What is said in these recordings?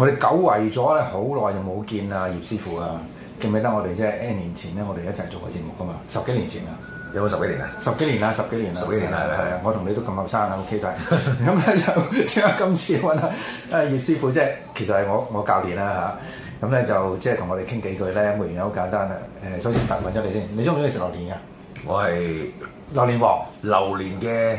我哋久違咗咧，好耐就冇見啦，葉師傅啊，記唔記得我哋即係？N 年前咧，我哋一齊做過節目噶嘛，十幾年前啊，有冇十幾年啊？十幾年啦，十幾年啦，十幾年啦，係啊的！的我同你都咁後生啊 ，O.K. 都係，咁咧就點解今次揾啊葉師傅即係？其實係我我教練啦、啊、吓，咁咧就即係同我哋傾幾句咧，個原因好簡單啦、啊。誒，首先問一問咗你先，你中唔中意食榴蓮啊？我係榴蓮王，榴蓮嘅。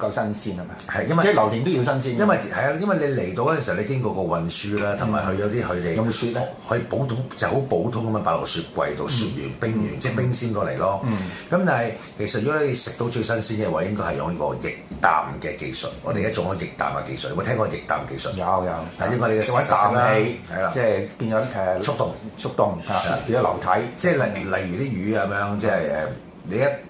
夠新鮮吖嘛？係，因為即係榴蓮都要新鮮。因為係啊，因為你嚟到嗰陣時候，你經過個運輸啦，同埋去咗啲佢哋。用雪咧，去普通就好普通咁樣擺落雪櫃度，雪完冰完，即係冰鮮過嚟咯。咁但係其實如果你食到最新鮮嘅話，應該係用呢個液氮嘅技術。我哋而家做咗液氮嘅技術，有冇聽過液氮技術？有有。但係因為你嘅凍氣，係啦，即係變咗誒速凍，速凍變咗流體。即係例例如啲魚咁樣，即係誒你一。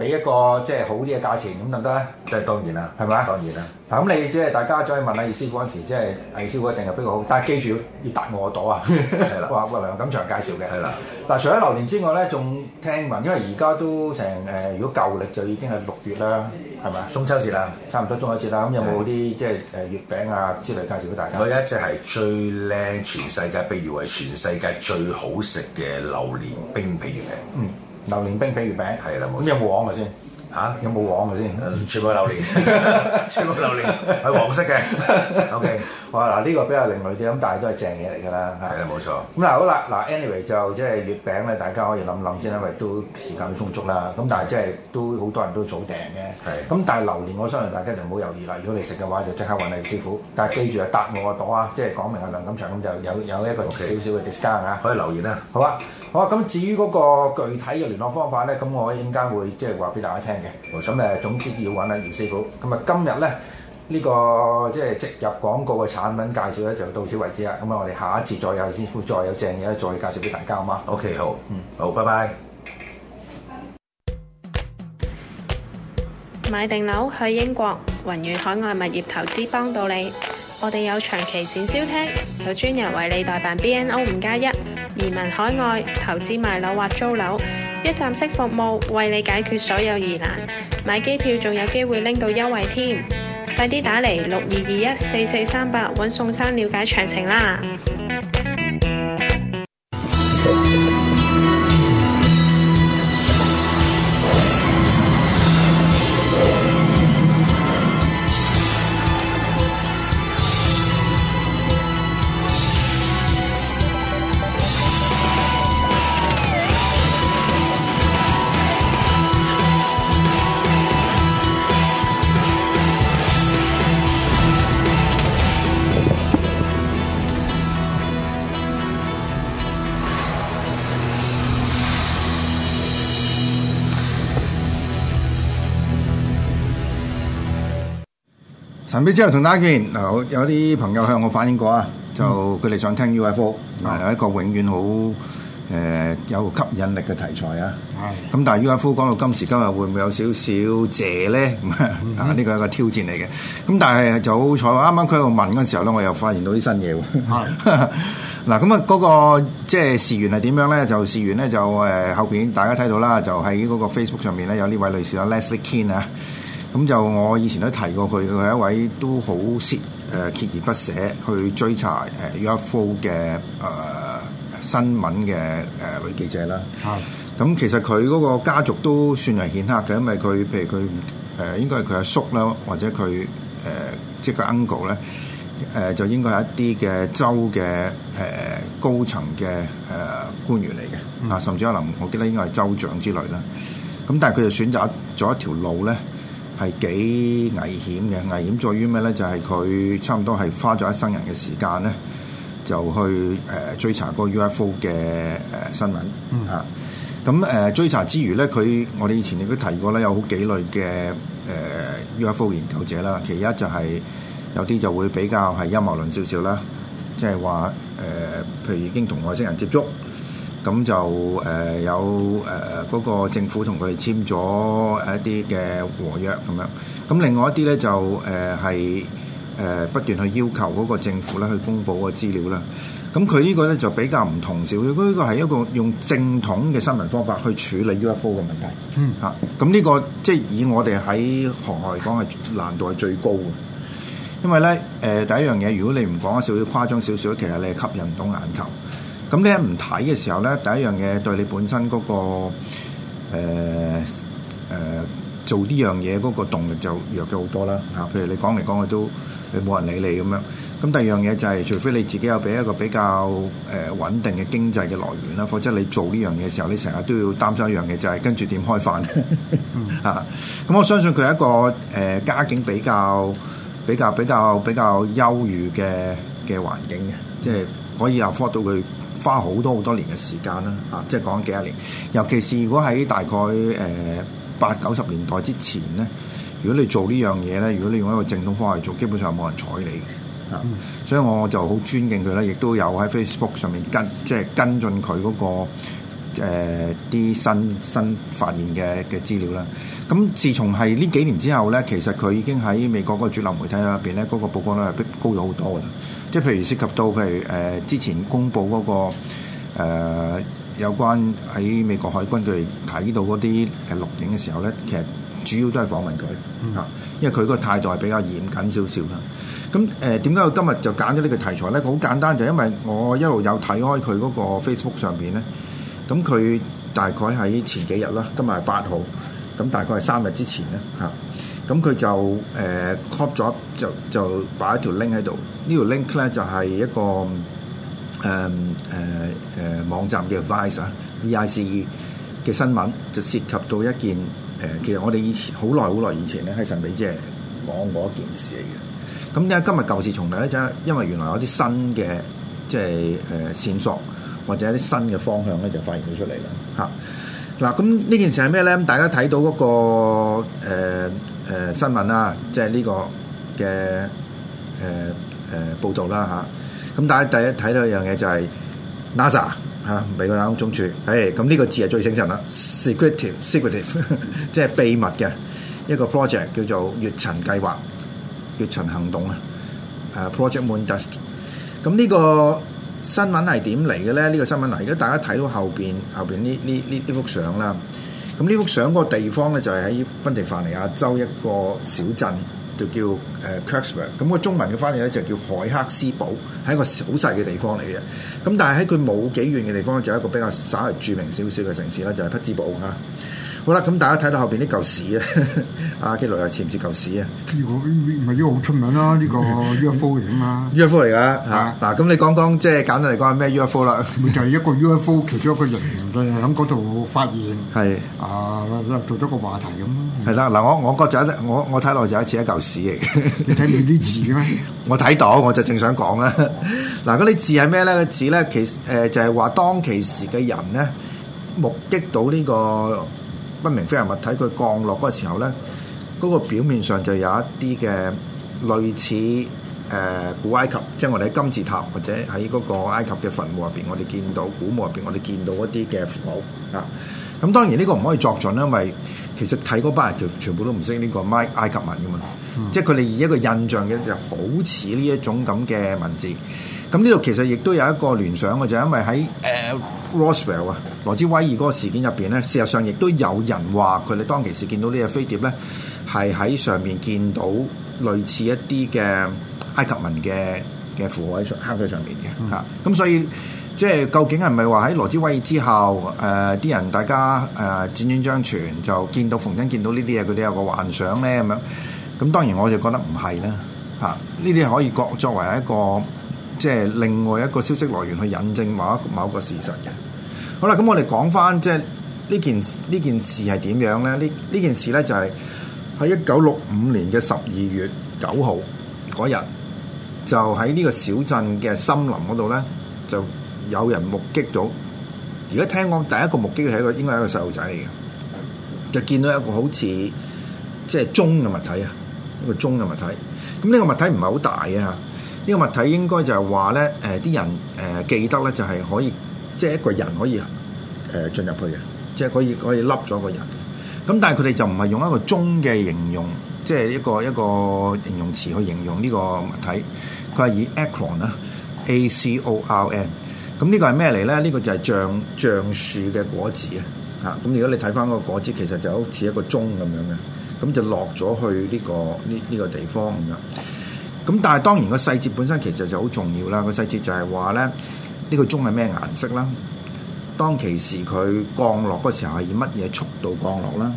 俾一個即係好啲嘅價錢咁得唔得咧？即係當然啦，係咪啊？當然啦。嗱咁你即係大家再問下魏師傅嗰陣時，即係魏師傅一定係比較好。但係記住要答我多啊。係 啦的，話話梁錦祥介紹嘅。係啦的。嗱，除咗榴蓮之外咧，仲聽聞，因為而家都成誒，如果舊歷就已經係六月啦，係咪中秋節啦，差唔多中秋節啦。咁的有冇啲即係誒月餅啊之類介紹俾大家？佢一隻係最靚全世界，被譽為全世界最好食嘅榴蓮冰皮月餅。嗯。榴蓮冰皮月餅係啦，咁有冇黃嘅先？嚇，有冇黃嘅先？全部係榴蓮，全部榴蓮係黃色嘅。OK，哇嗱，呢個比較另類啲，咁但係都係正嘢嚟㗎啦。係啦，冇錯。咁嗱，好啦，嗱，anyway 就即係月餅咧，大家可以諗諗先，因為都時間都充足啦。咁但係即係都好多人都早訂嘅。係。咁但係榴蓮，我相信大家就唔好猶豫啦。如果你食嘅話，就即刻揾你師傅。但係記住啊，答我個朵啊，即係講明阿梁錦祥咁就有有一個少少嘅 discount 啊，可以留言啊，好啊。好啊！咁至於嗰個具體嘅聯絡方法咧，咁我一陣間會即係話俾大家聽嘅。咁誒，總之要揾阿姚師傅。咁啊，今日咧呢個即係植入廣告嘅產品介紹咧，就到此為止啦。咁啊，我哋下一次再有先，會再有正嘢咧，再介紹俾大家，好嗎？OK，好，嗯，好，拜拜。買定樓去英國，雲越海外物業投資幫到你。我哋有長期展銷廳，有專人為你代辦 BNO 五加一，1, 移民海外、投資賣樓或租樓，一站式服務為你解決所有疑難。買機票仲有機會拎到優惠添，快啲打嚟六二二一四四三八揾宋生了解詳情啦！陳邊之後同大家見嗱，有啲朋友向我反映過啊，嗯、就佢哋想聽 U F O，係一個永遠好誒、呃、有吸引力嘅題材啊。係咁、嗯，但係 U F O 講到今時今日，會唔會有少少謝咧？ 啊，呢個係一個挑戰嚟嘅。咁、嗯、但係就好彩話，啱啱佢喺度問嗰時候咧，我又發現到啲新嘢嗱，咁、 嗯、啊嗰、嗰個即係事緣係點樣咧？就事緣咧就誒、呃、後邊大家睇到啦，就喺、喺、嗰個 Facebook 上面咧有呢位女士啦，Leslie King 啊。咁就我以前都提過，佢佢係一位都好蝕誒鍥而不捨去追查誒 UFO 嘅誒新聞嘅誒女記者啦。係、嗯。咁、嗯、其實佢嗰個家族都算係顯赫嘅，因為佢譬如佢誒、呃、應該係佢阿叔啦，或者佢誒、呃、即個 uncle 咧誒，就應該係一啲嘅州嘅誒、呃、高層嘅誒官員嚟嘅啊，甚至可能我記得應該係州長之類啦。咁但係佢就選擇咗一條路咧。係幾危險嘅？危險在於咩咧？就係、是、佢差唔多係花咗一生人嘅時間咧，就去誒、呃、追查嗰 UFO 嘅誒、呃、新聞吓。咁誒、嗯啊呃、追查之餘咧，佢我哋以前亦都提過咧，有好幾類嘅誒、呃、UFO 研究者啦。其一就係有啲就會比較係陰謀論少少啦，即係話誒，譬如已經同外星人接觸。咁就誒有誒嗰個政府同佢哋簽咗一啲嘅和約咁樣，咁另外一啲咧就誒係誒不斷去要求嗰個政府咧去公佈個資料啦。咁佢呢個咧就比較唔同少少，佢呢個係一個用正統嘅新聞方法去處理 UFO 嘅問題。嗯、啊，嚇、這個，咁呢個即係以我哋喺行內嚟講係難度係最高嘅，因為咧誒、呃、第一樣嘢，如果你唔講少少誇張少少，其實你係吸引唔到眼球。咁你唔睇嘅時候咧，第一樣嘢對你本身嗰、那個誒、呃呃、做呢樣嘢嗰個動力就弱咗好多啦。嚇了，譬如你講嚟講去都你冇人理你咁樣。咁第二樣嘢就係，除非你自己有俾一個比較誒穩定嘅經濟嘅來源啦，否則你做呢樣嘢嘅時候，你成日都要擔心一樣嘢，就係跟住點開飯、 嗯、啊？咁我相信佢係一個誒、呃、家境比較比較比較比較優裕嘅嘅環境嘅，嗯、即係可以又 support 到佢。花好多好多年嘅時間啦，啊，即係講幾十年。尤其是如果喺大概誒八九十年代之前咧，如果你做呢樣嘢咧，如果你用一個正統方法去做，基本上冇人睬你。啊，所以我就好尊敬佢啦，亦都有喺 Facebook 上面跟即係跟進佢嗰、個啲、呃、新新發現嘅嘅資料啦。咁、啊、自從係呢幾年之後咧，其實佢已經喺美國個主流媒體入邊咧，嗰、個曝光率係高咗好多嘅。即係譬如涉及到，譬如誒、呃、之前公布嗰、那個、呃、有關喺美國海軍佢哋睇到嗰啲錄影嘅時候咧，其實主要都係訪問佢嚇，嗯、因為佢個態度係比較嚴謹少少啦。咁誒點解我今日就揀咗呢個題材咧？好簡單，就是、因為我一路有睇開佢嗰個 Facebook 上邊咧，咁佢大概喺前幾日啦，今日係八號，咁大概係三日之前咧嚇。嗯咁佢、嗯、就誒 copy 咗，就就擺一條 link 喺度。呢條 link 咧就係一個誒誒誒網站嘅 vice 啊，vice 嘅新聞就涉及到一件誒、呃，其實我哋以前好耐好耐以前咧喺、啊、神秘即係講過一件事嚟嘅。咁點解今日舊事重提咧？就因為原來有啲新嘅即係誒線索，或者啲新嘅方向咧，就發現咗出嚟啦。嚇、啊！嗱、啊，咁呢件事係咩咧？大家睇到嗰、那個、啊誒、呃、新聞啦、啊，即係呢個嘅誒誒報道啦、啊、嚇。咁大家第一睇到一樣嘢就係 NASA 嚇、啊、美國太空總署，咁呢、嗯這個字係最醒神啦。Secretive，secretive 即係秘密嘅一個 project 叫做月塵計劃，月塵行動啊。誒 Project Moon Dust、啊。咁、這、呢個新聞係點嚟嘅咧？呢、這個新聞嗱，如果大家睇到後邊後邊呢呢呢呢幅相啦。咁呢幅相嗰個地方咧就係，是，喺賓夕凡尼亞州一個小鎮，就叫誒 Kecksburg。咁個中文嘅翻譯咧就叫海克斯堡，係一個好細嘅地方嚟嘅。咁但係喺佢冇幾遠嘅地方咧，就有一個比較稍為著名少少嘅城市咧，就係，是，匹茲堡嚇。好啦，咁大家睇到後邊啲嚿屎啊！阿紀陶又似唔似嚿屎啊？呢個唔係，呢個好出名啦，呢個 UFO 嚟啊嘛？UFO 嚟㗎吓嗱，咁你講講即係、就是、簡單嚟講係咩 UFO 啦？就係一個 UFO 其中一個人咧，喺嗰度發現係是啊，做咗個話題咁咯。係啦，嗱，我我覺得我我睇落就似一嚿屎嚟嘅。你睇唔到啲字嘅咩？我睇到，我就正想講啦。嗱、啊，嗰啲字係咩咧？個字咧，其實、呃、就係、是、話當其時嘅人咧，目擊到呢、這個。不明飛行物體佢降落嗰時候咧，嗰、那個表面上就有一啲嘅類似誒、呃、古埃及，即係我哋喺金字塔或者喺嗰個埃及嘅墳墓入邊，我哋見到古墓入邊，我哋見到一啲嘅符號啊。咁、嗯、當然呢個唔可以作準啦，因為其實睇嗰班人全部都唔識呢個埃埃及文噶嘛，嗯、即係佢哋以一個印象嘅就好似呢一種咁嘅文字。咁呢度其實亦都有一個聯想嘅，就係因為喺誒 Roswell 啊，uh, Ros well, 羅斯威爾嗰個事件入邊咧，事實上亦都有人話佢哋當其時見到呢隻飛碟咧，係喺上面見到類似一啲嘅埃及文嘅嘅符號喺上喺上邊嘅嚇。咁、嗯啊、所以即係、就是、究竟係咪係話喺羅斯威爾之後誒啲、呃、人大家誒輾轉張傳就見到馮真見到呢啲嘢，佢哋有個幻想咧咁樣？咁當然我就覺得唔係啦嚇。呢、啊、啲可以作作為一個。即係另外一個消息來源去引證某一某個事實嘅。好啦，咁我哋講翻即係呢件呢件事係點樣咧？呢呢件事咧就係喺一九六五年嘅十二月九號嗰日，就喺呢個小鎮嘅森林嗰度咧，就有人目擊到。而家聽講第一個目擊嘅係一個應該係一個細路仔嚟嘅，就見到一個好似即係鐘嘅物體啊，一個鐘嘅物體。咁呢個物體唔係好大啊。呢個物體應該就係話咧，誒、呃、啲人誒、呃、記得咧，就係可以即係一個人可以誒進入去嘅，即係可以可以凹咗個人。咁但係佢哋就唔係用一個鐘嘅形容，即係一個一個形容詞去形容呢個物體。佢係以 acorn, A、C、O、R、N 啦，A C O R N。咁呢個係咩嚟咧？呢個就係橡橡樹嘅果子啊！嚇咁如果你睇翻嗰個果子，其實就好似一個鐘咁樣嘅，咁就落咗去呢、這個呢呢、這個地方咁樣。咁但係當然個細節本身其實就好重要啦。個細節就係話咧，呢個鐘係咩顏色啦？當其時佢降落嗰時候係以乜嘢速度降落啦？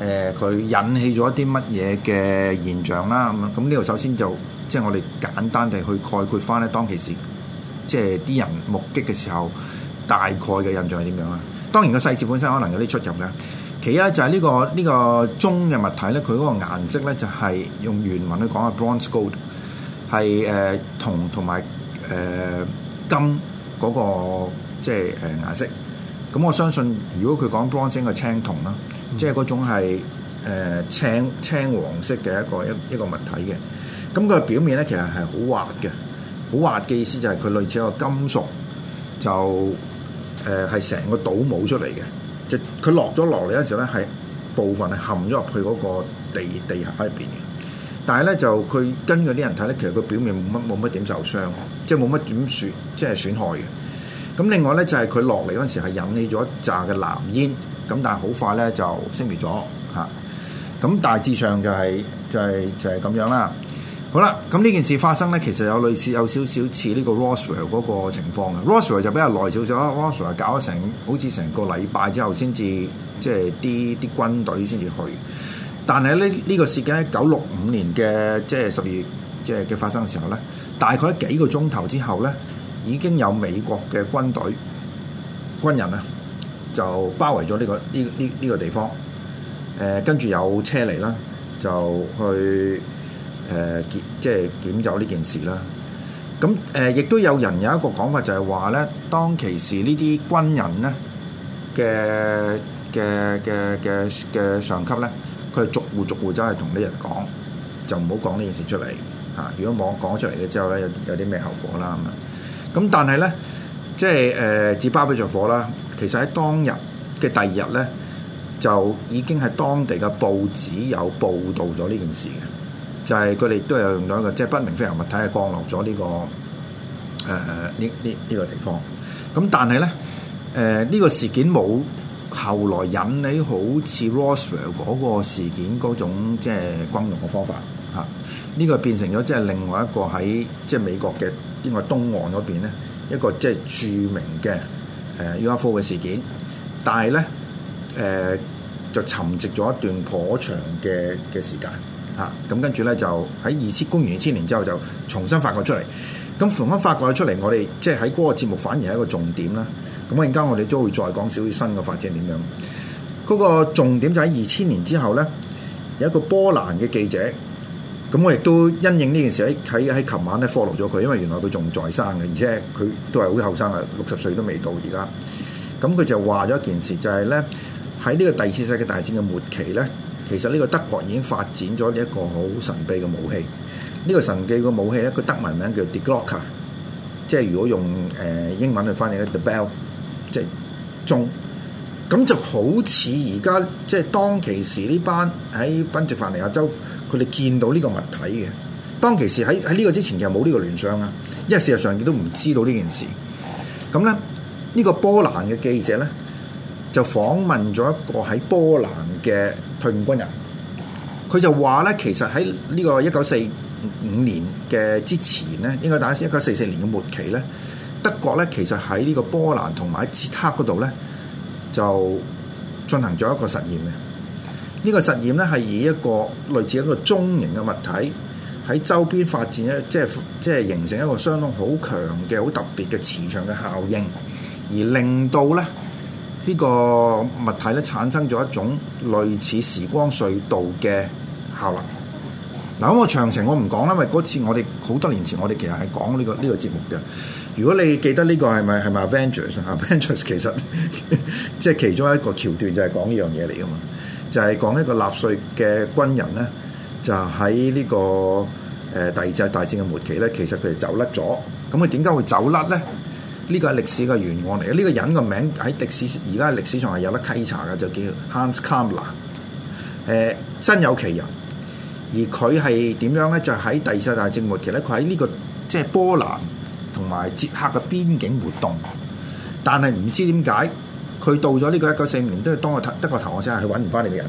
誒、呃，佢引起咗一啲乜嘢嘅現象啦？咁咁呢度首先就即係、就是、我哋簡單地去概括翻咧，當其時即係啲人目擊嘅時候，大概嘅印象係點樣啦？當然個細節本身可能有啲出入嘅。其一就係呢、這個呢、這個鍾嘅物體咧，佢嗰個顏色咧就係用原文去講嘅 bronze gold 係誒、呃、銅同埋誒金嗰、那個即係誒顏色。咁我相信，如果佢講 bronze，就係青銅啦，即係嗰種係、呃、青青黃色嘅一個一個一個物體嘅。咁佢表面咧其實係好滑嘅，好滑嘅意思就係佢類似一個金屬，就誒係成個倒模出嚟嘅。就佢落咗落嚟嗰時咧，係部分係陷咗入去嗰個地地下入邊嘅。但係咧就佢跟嗰啲人睇咧，其實佢表面冇乜冇乜點受傷，即係冇乜點損，即係損害嘅。咁另外咧就係佢落嚟嗰時係引起咗一紮嘅藍煙，咁但係好快咧就熄滅咗嚇。咁大致上就係就係就係咁樣啦。好啦，咁呢件事發生咧，其實有類似有少少似呢個 Roswell 嗰個情況嘅。Roswell 就比較耐少少啦，Roswell 搞咗成好似成個禮拜之後先至，即係啲啲軍隊先至去。但係呢呢、呢個事件喺九六五年嘅即係十二月即係嘅發生時候咧，大概幾個鐘頭之後咧，已經有美國嘅軍隊、軍人咧就包圍咗呢個呢呢呢個地方。誒、呃，跟住有車嚟啦，就去。誒檢即係檢走呢件事啦。咁、嗯、誒，亦、呃、都有人有一個講法，就係話咧，當其時呢啲軍人咧嘅嘅嘅嘅嘅上級咧，佢逐戶逐戶走去同呢人講，就唔好講呢件事出嚟嚇、啊。如果冇講出嚟嘅之後咧，有有啲咩後果啦咁啊。咁、嗯、但係咧，即係誒紙包不住火啦。其實喺當日嘅第二日咧，就已經係當地嘅報紙有報導咗呢件事嘅。就係佢哋都有用到一個，即、就、係、是、不明飛行物體係降落咗呢、這個誒呢呢呢個地方。咁但係咧，誒、呃、呢、這個事件冇後來引起好似 Roswell 嗰個事件嗰種即係、就是、轟動嘅方法嚇。呢、啊這個變成咗即係另外一個喺即係美國嘅呢個東岸嗰邊咧一個即係著名嘅誒、呃、UFO 嘅事件。但係咧，誒就沉寂咗一段頗長嘅嘅時間。啊！咁跟住咧就喺二千公元二千年之後就重新發掘出嚟。咁重新發掘出嚟，我哋即係喺嗰個節目反而係一個重點啦。咁而家我哋都會再講少少新嘅發展係點樣。嗰個重點就喺二千年之後咧，有一個波蘭嘅記者。咁我亦都因應呢件事喺喺喺琴晚咧 follow 咗佢，因為原來佢仲在生嘅，而且佢都係好後生呀，六十歲都未到而家。咁佢就話咗一件事就呢，就係咧喺呢個第二次世界大戰嘅末期咧。其實呢個德國已經發展咗一個好神秘嘅武器。呢、這個神秘嘅武器咧，佢德文名叫 Die Glocke，即係如果用誒、呃、英文去翻譯咧，the bell，即係鐘。咁就好似而家即係當其時呢班喺賓夕法尼亞州，佢哋見到呢個物體嘅。當其時喺喺呢個之前其實冇呢個聯想啊，因為事實上佢都唔知道呢件事。咁咧，呢、這個波蘭嘅記者咧就訪問咗一個喺波蘭嘅退伍軍人，佢就話咧，其實喺呢個一九四五年嘅之前咧，應該大先一九四四年嘅末期咧，德國咧其實喺呢個波蘭同埋捷克嗰度咧，就進行咗一個實驗嘅。呢個實驗咧係以一個類似一個中型嘅物體喺周邊發展咧，即係即係形成一個相當好強嘅好特別嘅磁場嘅效應，而令到咧。呢個物體咧產生咗一種類似時光隧道嘅效能。嗱，咁我詳情我唔講啦，因為嗰次我哋好多年前我哋其實係講呢個呢個節目嘅。如果你記得呢個係咪係咪 Avengers？Avengers 其實即係 其中一個橋段就係講呢樣嘢嚟㗎嘛，就係講一個納粹嘅軍人咧，就喺呢個誒第二次大戰嘅末期咧，其實佢哋走甩咗。咁佢點解會走甩咧？呢個係歷史嘅原案嚟嘅，呢、這個人嘅名喺歷史而家歷史上係有得稽查嘅，就叫 Hans Kammler，誒、呃、真有其人。而佢係點樣咧？就喺第二次大戰末期咧，佢喺呢個即係、就是、波蘭同埋捷克嘅邊境活動，但係唔知點解佢到咗呢個一九四五年，都係當個頭，得個頭號仔，佢揾唔翻呢個人。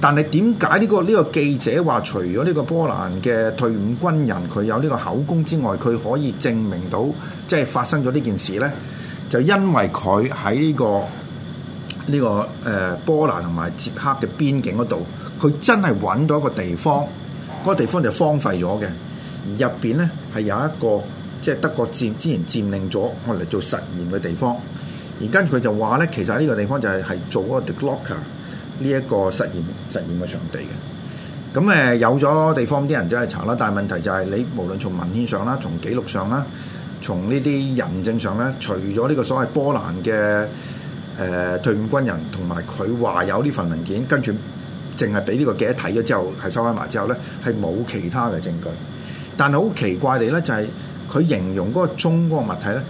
但係點解呢個呢、這個記者話，除咗呢個波蘭嘅退伍軍人佢有呢個口供之外，佢可以證明到？即係發生咗呢件事咧，就因為佢喺呢個呢個誒波蘭同埋捷克嘅邊境嗰度，佢真係揾到一個地方，嗰個地方就荒廢咗嘅。而入邊咧係有一個即係德國佔之前佔領咗，我哋做實驗嘅地方。而跟住佢就話咧，其實呢個地方就係係做嗰個德洛克呢一個實驗實驗嘅場地嘅。咁誒有咗地方啲人就係查啦，但係問題就係你無論從文獻上啦，從記錄上啦。從呢啲人證上咧，除咗呢個所謂波蘭嘅誒退伍軍人同埋佢話有呢份文件，跟住淨係俾呢個記者睇咗之後，係收翻埋之後咧，係冇其他嘅證據。但係好奇怪地咧，就係佢形容嗰個鐘嗰個物體咧，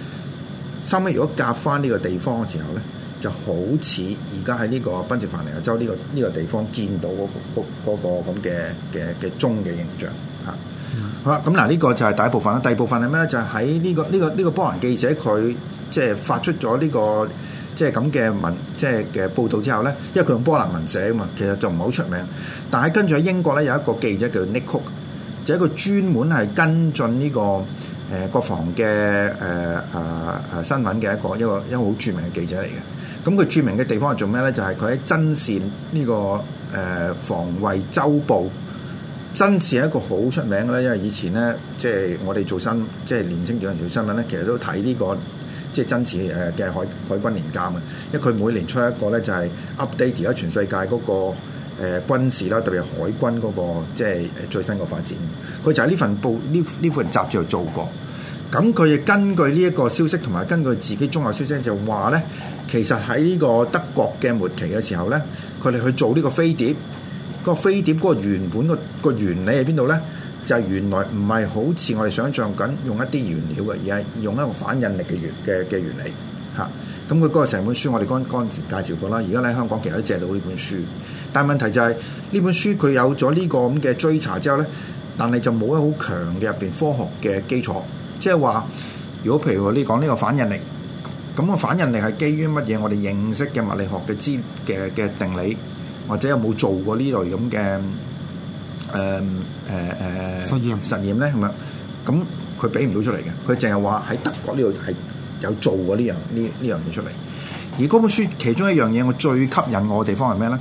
心諗如果隔翻呢個地方嘅時候咧，就好似而家喺呢個賓夕凡尼亞州呢、呢個呢、呢個地方見到嗰、嗰個嗰咁嘅嘅嘅鐘嘅形象。好啦，咁嗱，呢個就係第一部分啦。第二部分係咩咧？就係喺呢個呢、這個呢、這個波蘭記者佢即係發出咗呢、這個即係咁嘅文即係嘅報道之後咧，因為佢用波蘭文寫啊嘛，其實就唔係好出名。但係跟住喺英國咧有一個記者叫 Nick Cook，就係一個專門係跟進呢、這個誒、呃、國防嘅誒啊啊新聞嘅一個一個一個好著名嘅記者嚟嘅。咁佢著名嘅地方係做咩咧？就係佢喺真善呢、這個誒、呃、防衞周報。真似係一個好出名嘅咧，因為以前咧，即、就、係、是、我哋做新，即係年輕人做新聞咧、就是，其實都睇呢、這個即係真似誒嘅海海軍年鑑啊，因為佢每年出一個咧就係、是、update 而家全世界嗰、那個誒、呃、軍事啦，特別係海軍嗰、那個即係誒最新嘅發展。佢就喺呢份報呢呢份雜誌度做過，咁佢就根據呢一個消息同埋根據自己綜合消息就話咧，其實喺呢個德國嘅末期嘅時候咧，佢哋去做呢個飛碟。個飛碟嗰個原本個個原理喺邊度咧？就係、原來唔係好似我哋想象緊用一啲原料嘅，而係用一個反引力嘅原嘅嘅原理嚇。咁佢嗰個成本書我哋剛剛時介紹過啦。而家咧，香港其實都借到呢本書，但問題就係、係、呢本書佢有咗呢個咁嘅追查之後咧，但係就冇一好強嘅入邊科學嘅基礎，即係話如果譬如話你講呢個反引力，咁、嗰個反引力係基於乜嘢？我哋認識嘅物理學嘅知嘅嘅定理。或者有冇做過呢類咁嘅誒誒誒實驗實驗咧係咪？咁佢俾唔到出嚟嘅，佢淨係話喺德國呢度係有做過呢樣呢呢樣嘢出嚟。而嗰本書其中一樣嘢，我最吸引我嘅地方係咩咧？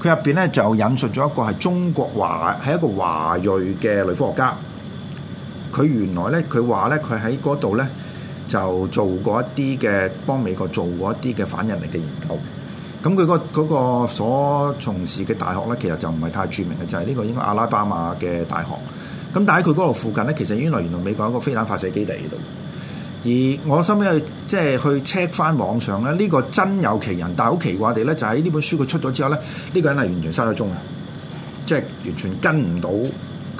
佢入邊咧就引述咗一個係中國華，係一個華裔嘅女科學家。佢原來咧，佢話咧，佢喺嗰度咧就做過一啲嘅幫美國做過一啲嘅反人力嘅研究。咁佢個嗰個所從事嘅大學咧，其實就唔係太著名嘅，就係、是、呢個應該阿拉巴馬嘅大學。咁但係佢嗰度附近咧，其實原來原來美國一個飛彈發射基地喺度。而我收尾去即係、就是、去 check 翻網上咧，呢、這個真有其人，但係好奇怪地咧，就喺、是、呢本書佢出咗之後咧，呢、這個人係完全失咗蹤啊！即、就、係、是、完全跟唔到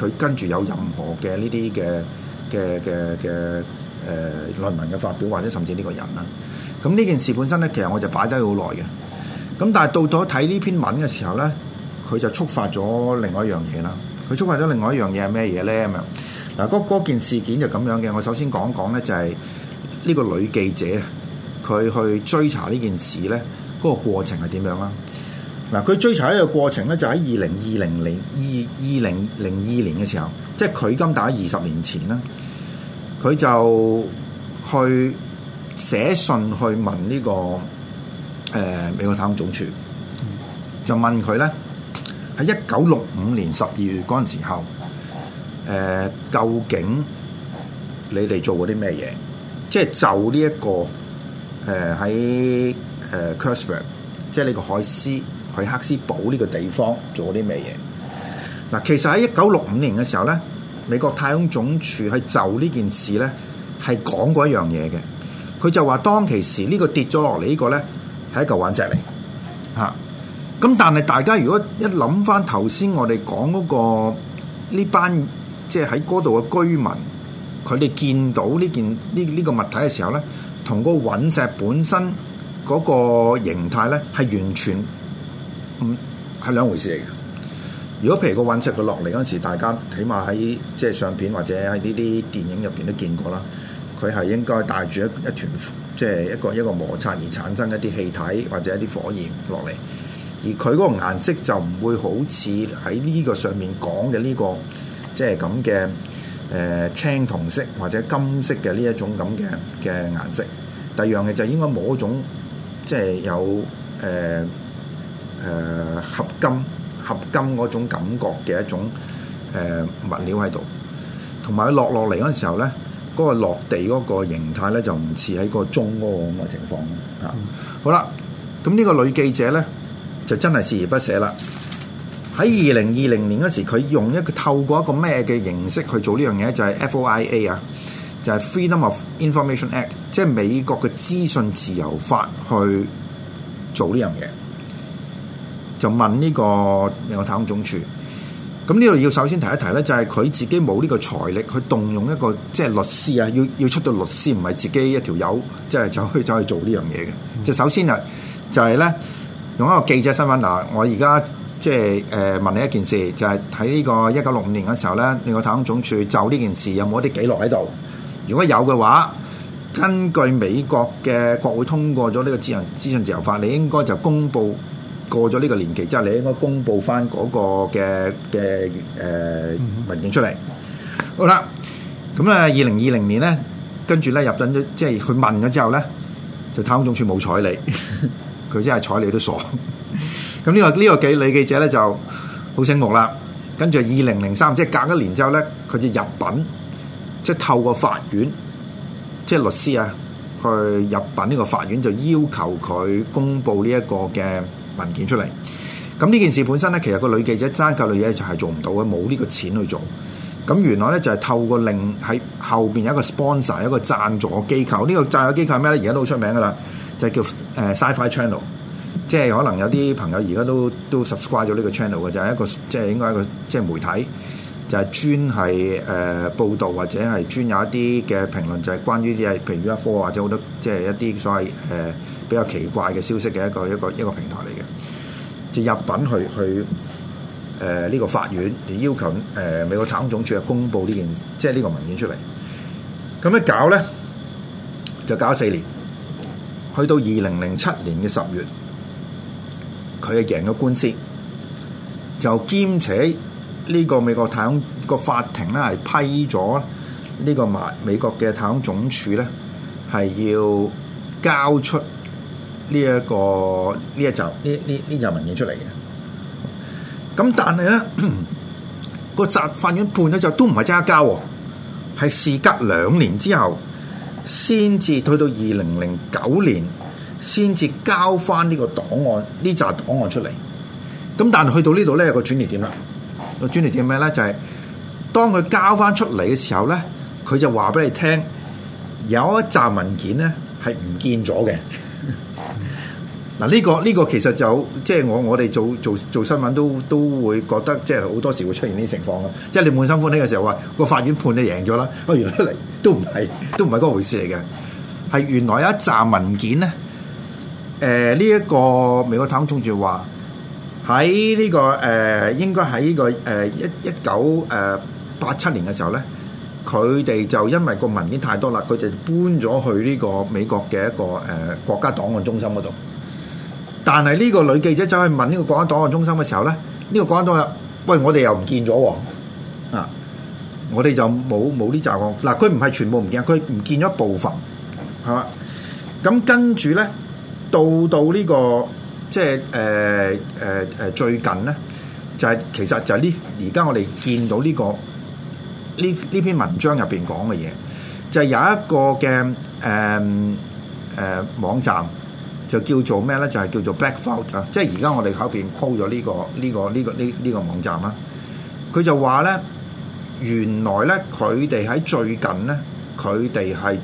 佢跟住有任何嘅呢啲嘅嘅嘅嘅誒論文嘅發表，或者甚至呢個人啦。咁呢件事本身咧，其實我就擺咗好耐嘅。咁但係到咗睇呢篇文嘅時候咧，佢就觸發咗另外一樣嘢啦。佢觸發咗另外一樣嘢係咩嘢咧？咁樣嗱，嗰件事件就咁樣嘅。我首先講講咧，就係呢個女記者，佢去追查呢件事咧，嗰個過程係點樣啦？嗱，佢追查呢個過程咧，就喺二零二零零二二零零二年嘅時候，即係佢今打二十年前啦。佢就去寫信去問呢個。誒、呃、美國太空總署就問佢咧，喺一九六五年十二月嗰陣時候，誒、呃、究竟你哋做過啲咩嘢？即係就呢、這、一個誒喺誒 Kecksburg 即係呢個海斯喺克斯堡呢個地方做啲咩嘢？嗱，其實喺一九六五年嘅時候咧，美國太空總署去就呢件事咧係講過一樣嘢嘅。佢就話當其時呢個跌咗落嚟呢個咧。睇一嚿隕石嚟，吓、啊、咁。但係大家如果一諗翻頭先我哋講嗰個呢班，即係喺嗰度嘅居民，佢哋見到呢件呢呢、呢個物體嘅時候咧，同嗰個隕石本身嗰個形態咧，係完全唔係兩回事嚟嘅。如果譬如個隕石佢落嚟嗰陣時，大家起碼喺即係相片或者喺呢啲電影入邊都見過啦，佢係應該帶住一一團。即係一個一個摩擦而產生一啲氣體或者一啲火焰落嚟，而佢嗰個顏色就唔會好似喺呢個上面講嘅呢個即係咁嘅誒青銅色或者金色嘅呢一種咁嘅嘅顏色。第二樣嘢就應該冇一種即係有誒誒、呃呃、合金合金嗰種感覺嘅一種誒、呃、物料喺度，同埋落落嚟嗰陣時候咧。嗰個落地嗰個形態咧，就唔似喺個中嗰咁嘅情況啦。嗯、好啦，咁呢個女記者咧，就真係視而不捨啦。喺二零二零年嗰時，佢用一個透過一個咩嘅形式去做呢樣嘢，就係、是、FOIA 啊，就係 Freedom of Information Act，即係美國嘅資訊自由法去做呢樣嘢，就問呢、這個美國太空總署。咁呢度要首先提一提咧，就係佢自己冇呢個財力去動用一個即係律師啊，要要出到律師，唔係自己一條友即係走去走去做呢樣嘢嘅。就首先啊，就係咧用一個記者身份嗱，我而家即係誒問你一件事，就係喺呢個一九六五年嘅時候咧，你個太空總署就呢件事有冇一啲記錄喺度？如果有嘅話，根據美國嘅國會通過咗呢個資源資訊自由法，你應該就公佈。過咗呢個年期之後，你應該公布翻嗰個嘅嘅誒文件出嚟。好啦，咁咧二零二零年咧，跟住咧入緊咗，即係佢問咗之後咧，就太空總署冇睬你，佢 真係睬你都傻。咁 呢、這個呢、這個幾女記者咧就好醒目啦。跟住二零零三，即係隔一年之後咧，佢就入禀，即係透過法院，即係律師啊，去入禀呢個法院，就要求佢公布呢一個嘅。文件出嚟，咁呢件事本身咧，其實個女記者爭購類嘢就係做唔到嘅，冇呢個錢去做。咁原來咧就係、是、透過另喺後邊有一個 sponsor，一個贊助機構，這個、構，呢個贊助機構係咩咧？而家都好出名噶啦，就係叫誒 Sci-Fi Channel，即係可能有啲朋友而家都都 subscribe 咗呢個 channel 嘅，就係、是、一個即係應該一個即係媒體就係專係誒報道或者係專有一啲嘅評論就係、是、關於啲係譬如 UFO 或者好多即係一啲所謂誒、呃、比較奇怪嘅消息嘅一個一個一個，一個平台嚟嘅。就入禀去去，誒呢、呃呢個法院，要求誒、呃、美國太空總署公布呢件，即係呢個文件出嚟。咁一搞咧，就搞四年，去到二零零七年嘅十月，佢係贏咗官司，就兼且呢個美國太空、呢個法庭咧係批咗呢個埋美國嘅太空總署咧係要交出。呢一、這個呢一集呢呢呢集文件出嚟嘅，咁但係咧、 這個集法院判咗就都唔係即刻交，係事隔兩年之後先至去到二零零九年，先至交翻呢個檔案呢集檔案出嚟。咁但係去到呢度咧有個轉捩點啦，這個轉捩點咩咧？就係、是、當佢交翻出嚟嘅時候咧，佢就話俾你聽有一集文件咧係唔見咗嘅。嗱呢、這個呢、這個其實就即係我我哋做做做新聞都都會覺得即係好多時會出現呢啲情況咯。即係你滿心歡喜嘅時候話個法院判你贏咗啦，哇原來出嚟都唔係都唔係嗰回事嚟嘅，係原來有一紮文件咧。誒呢一個美國太空總署就話喺呢個誒、呃、應該喺呢個誒一一九誒八七年嘅時候咧，佢哋就因為個文件太多啦，佢就搬咗去呢個美國嘅一個誒、呃、國家檔案中心嗰度。但係呢個女記者走去問呢個國安檔案中心嘅時候咧，呢、呢個國安檔案，喂，我哋又唔見咗喎、啊，啊，我哋就冇冇呢啲案。嗱，佢唔係全部唔見，佢唔見咗一部分，係嘛？咁、啊、跟住咧，到到呢、呢個即係誒誒誒最近咧，就係、係、其實就係呢而家我哋見到呢、呢個呢呢篇文章入邊講嘅嘢，就係、有一個嘅誒誒網站。就叫做咩咧？就係、是、叫做 Black Vault 啊！即係而家我哋口邊 call 咗呢個呢、呢個呢、呢個呢呢、呢個呢個網站啦。佢就話咧，原來咧佢哋喺最近咧，佢哋係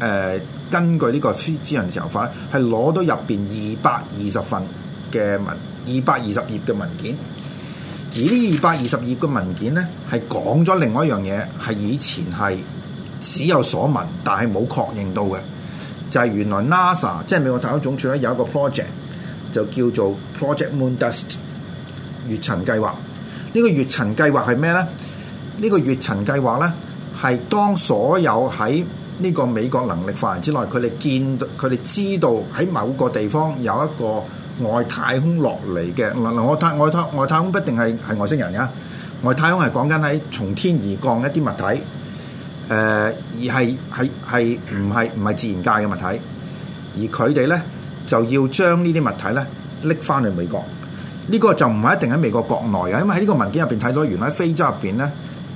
誒根據呢個資資訊自由法咧，係攞到入邊二百二十份嘅文，二百二十頁嘅文件。而呢二百二十頁嘅文件咧，係講咗另外一樣嘢，係以前係時有所聞，但係冇確認到嘅。就係原來 NASA 即係美國太空總署咧，有一個 project，就叫做 Project Moon Dust 月塵計劃。呢個月塵計劃係咩咧？呢個月塵計劃咧，係當所有喺呢個美國能力範圍之內，佢哋見到佢哋知道喺某個地方有一個外太空落嚟嘅嗱嗱，外太外太外太空不一定係係外星人㗎，外太空係講緊喺從天而降一啲物體。誒而係係係唔係唔係自然界嘅物體，而佢哋咧就要將呢啲物體咧拎翻去美國，呢個就唔係一定喺美國國內嘅，因為喺呢個文件入邊睇到，原來喺非洲入邊咧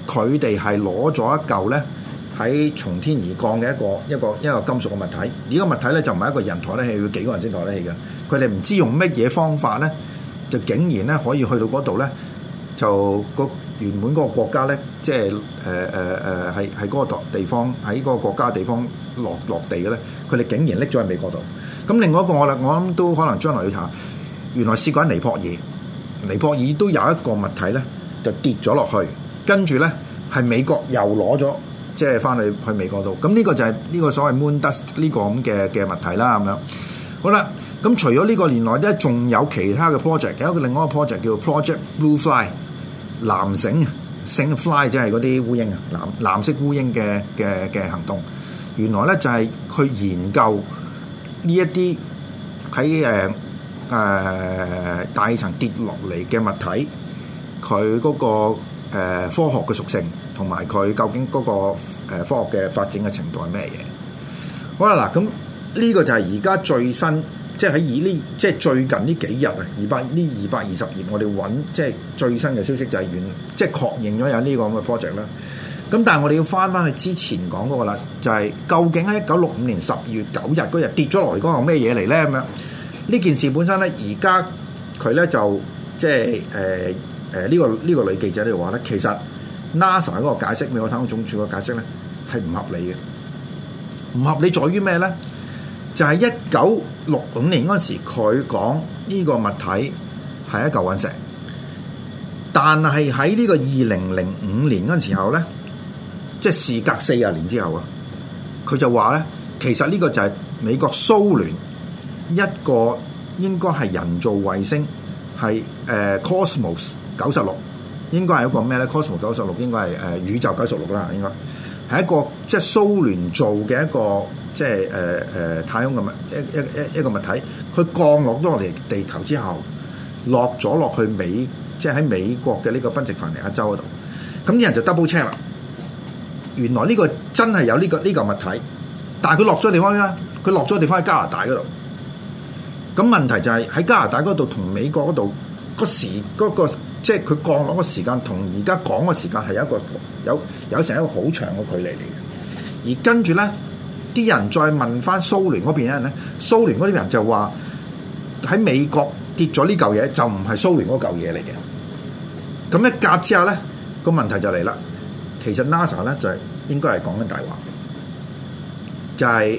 佢哋係攞咗一嚿咧喺從天而降嘅一個一個一個，一個金屬嘅物體，呢個物體咧就唔係一個人抬得起，要幾個人先抬得起嘅，佢哋唔知用乜嘢方法咧，就竟然咧可以去到嗰度咧就個。原本嗰個國家咧，即係誒誒誒，係係嗰個地方，喺嗰個國家地方落落地嘅咧，佢哋竟然拎咗喺美國度。咁另外一個我啦，我諗都可能將來要查。原來試過阿尼泊爾，尼泊爾都有一個物體咧，就跌咗落去，跟住咧係美國又攞咗，即係返去去美國度。咁呢個就係呢個所謂 moon dust 呢個咁嘅嘅物體啦，咁樣好。好啦，咁除咗呢個原來咧，仲有其他嘅 project，有一個另外一個 project 叫 project Blue Fly。藍繩啊，string fly，即係嗰啲烏蠅啊，藍藍色烏蠅嘅嘅嘅行動，原來咧就係佢研究呢一啲喺誒誒大氣層跌落嚟嘅物體，佢嗰個誒科學嘅屬性，同埋佢究竟嗰個誒科學嘅發展嘅程度係咩嘢？好啦嗱，咁呢個就係而家最新。即係喺以呢，即係最近呢幾日啊，二百呢二百二十頁，我哋揾即係最新嘅消息就係完，即係確認咗有呢個咁嘅 project 啦。咁但係我哋要翻翻去之前講嗰個啦，就係、是、究竟喺一九六五年十二月九日嗰日跌咗落嚟嗰個咩嘢嚟咧？咁樣呢件事本身咧，而家佢咧就即係誒誒呢個呢、呢個女記者咧話咧，其實 NASA 嗰個解釋，美國太空總署個解釋咧，係唔合理嘅，唔合理在於咩咧？就係一九六五年嗰時，佢講呢個物體係一嚿隕石，但係喺呢個二零零五年嗰時候咧，即係事隔四十年之後啊，佢就話咧，其實呢個就係美國蘇聯一個應該係人造衛星，係誒 Cosmos 九十六，呃、96，應該係一個咩咧？Cosmos 九十六應該係誒、呃、宇宙九十六啦，應該係一個即係蘇聯做嘅一個。即係誒誒太空嘅物一個一一一個物體，佢降落咗落嚟地球之後，落咗落去美即係喺美國嘅呢個賓夕凡尼亞州嗰度，咁啲人就 double check 啦。原來呢個真係有呢、呢個呢嚿、呢個、物體，但係佢落咗地方邊咧？佢落咗地方喺加拿大嗰度。咁問題就係喺加拿大嗰度同美國嗰度、嗰個時嗰個即係佢降落嘅時間同而家講嘅時間係有一個有有成一個好長嘅距離嚟嘅，而跟住咧。啲人再問翻蘇聯嗰邊有人咧，蘇聯嗰啲人就話喺美國跌咗呢嚿嘢，就唔係蘇聯嗰嚿嘢嚟嘅。咁一夾之下咧，個問題就嚟啦。其實 NASA 咧就係應該係講緊大話，就係、係、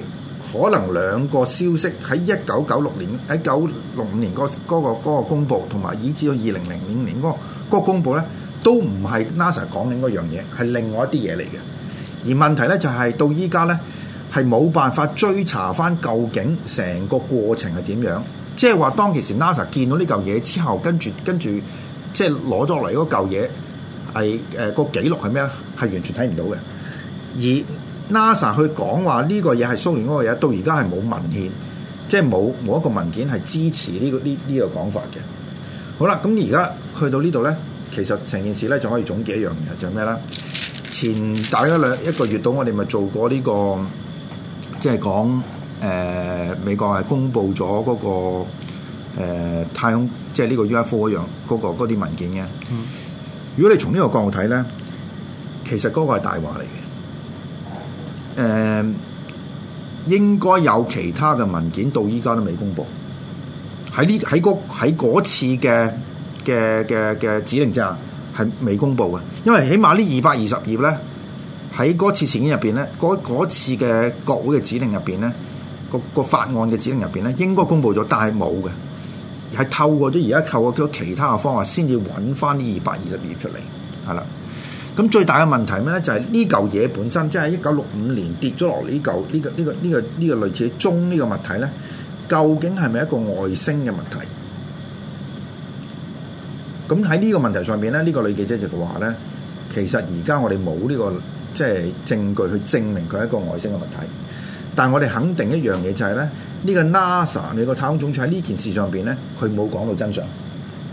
可能兩個消息喺一九九六年、喺九六五年嗰、嗰、嗰、個嗰個公佈，同埋以至到二零零五年嗰、嗰個嗰個公佈咧，都唔係 NASA 講緊嗰樣嘢，係另外一啲嘢嚟嘅。而問題咧就係、係、到依家咧。係冇辦法追查翻究竟成個過程係點樣？即係話當其時 NASA 見到呢嚿嘢之後跟，跟住跟住即係攞咗嚟嗰嚿嘢係誒個記錄係咩咧？係完全睇唔到嘅。而 NASA 去講話呢個嘢係蘇聯嗰個嘢，到而家係冇文獻，即係冇冇一個文件係支持呢個呢呢個講法嘅。好啦，咁而家去到呢度咧，其實成件事咧就可以總結一樣嘢，就係咩咧？前大概兩個一個月到，我哋咪做過呢個。即係講，誒、呃，美國係公布咗嗰個，誒、呃，太空即係呢個 UFO 一樣嗰、嗰個啲文件嘅。如果你從呢個角度睇咧，其實嗰個係大話嚟嘅。誒、呃，應該有其他嘅文件到依家都未公布。喺呢喺嗰喺嗰次嘅嘅嘅嘅指令之下，係未公布嘅。因為起碼呢二百二十頁咧，喺嗰次事件入邊咧，嗰次嘅國會嘅指令入邊咧，個個法案嘅指令入邊咧，應該公布咗，但係冇嘅，係透過咗而家透過咗其他嘅方法先至揾翻呢二百二十頁出嚟，係啦。咁最大嘅問題咩咧？就係呢嚿嘢本身，即係一九六五年跌咗落呢嚿呢個呢個呢個呢個類似鐘呢個物體咧，究竟係咪一個外星嘅物體？咁喺呢個問題上面咧，呢個女記者就話咧，其實而家我哋冇呢個。即係證據去證明佢係一個外星嘅物體，但係我哋肯定一樣嘢就係、係、咧，呢、呢個 NASA，你個太空總署喺呢件事上邊咧，佢冇講到真相，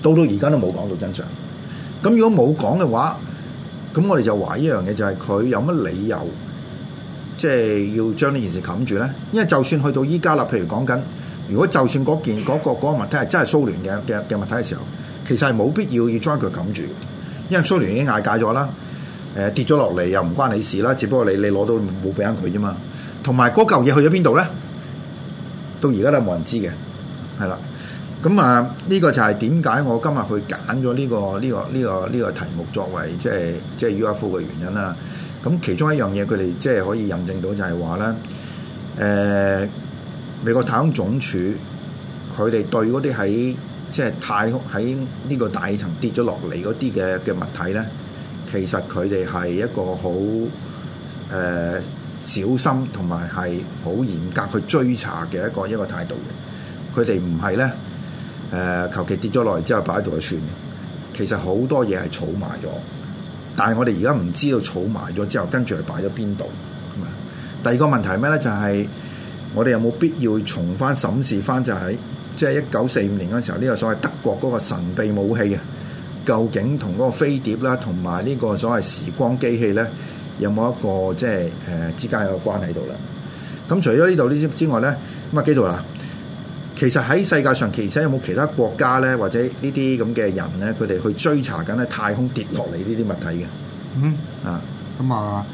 到到而家都冇講到真相。咁如果冇講嘅話，咁我哋就懷疑一樣嘢就係、係、佢有乜理由，即係要將呢件事冚住咧？因為就算去到依家啦，譬如講緊，如果就算嗰件嗰、嗰個嗰、嗰個物體係真係蘇聯嘅嘅嘅物體嘅時候，其實係冇必要要將佢冚住，因為蘇聯已經瓦解咗啦。誒、呃、跌咗落嚟又唔關你事啦，只不過你你攞到冇俾翻佢啫嘛。同埋嗰嚿嘢去咗邊度咧？到而家都冇人知嘅，係啦。咁、嗯、啊，呢、呢個就係點解我今日去揀咗呢個呢、呢個呢、呢個呢、呢個題目作為即係即係 UFO 嘅原因啦。咁、嗯、其中一樣嘢佢哋即係可以印證到就係話咧，誒、呃、美國太空總署佢哋對嗰啲喺即係太空喺呢個大層跌咗落嚟嗰啲嘅嘅物體咧。其實佢哋係一個好誒、呃、小心同埋係好嚴格去追查嘅一個一個態度嘅，佢哋唔係咧誒，求其跌咗落嚟之後擺喺度就算。其實好多嘢係儲埋咗，但係我哋而家唔知道儲埋咗之後跟住係擺咗邊度。第二個問題係咩咧？就係、是、我哋有冇必要重翻審視翻就喺即係一九四五年嗰時候呢、這個所謂德國嗰個神秘武器啊？究竟同嗰個飛碟啦，同埋呢個所謂時光機器咧，有冇一個即係誒、呃、之間有個關係喺度啦？咁除咗呢度呢啲之外咧，咁啊，紀陶啦，其實喺世界上，其實有冇其他國家咧，或者呢啲咁嘅人咧，佢哋去追查緊咧太空跌落嚟呢啲物體嘅？嗯啊，咁啊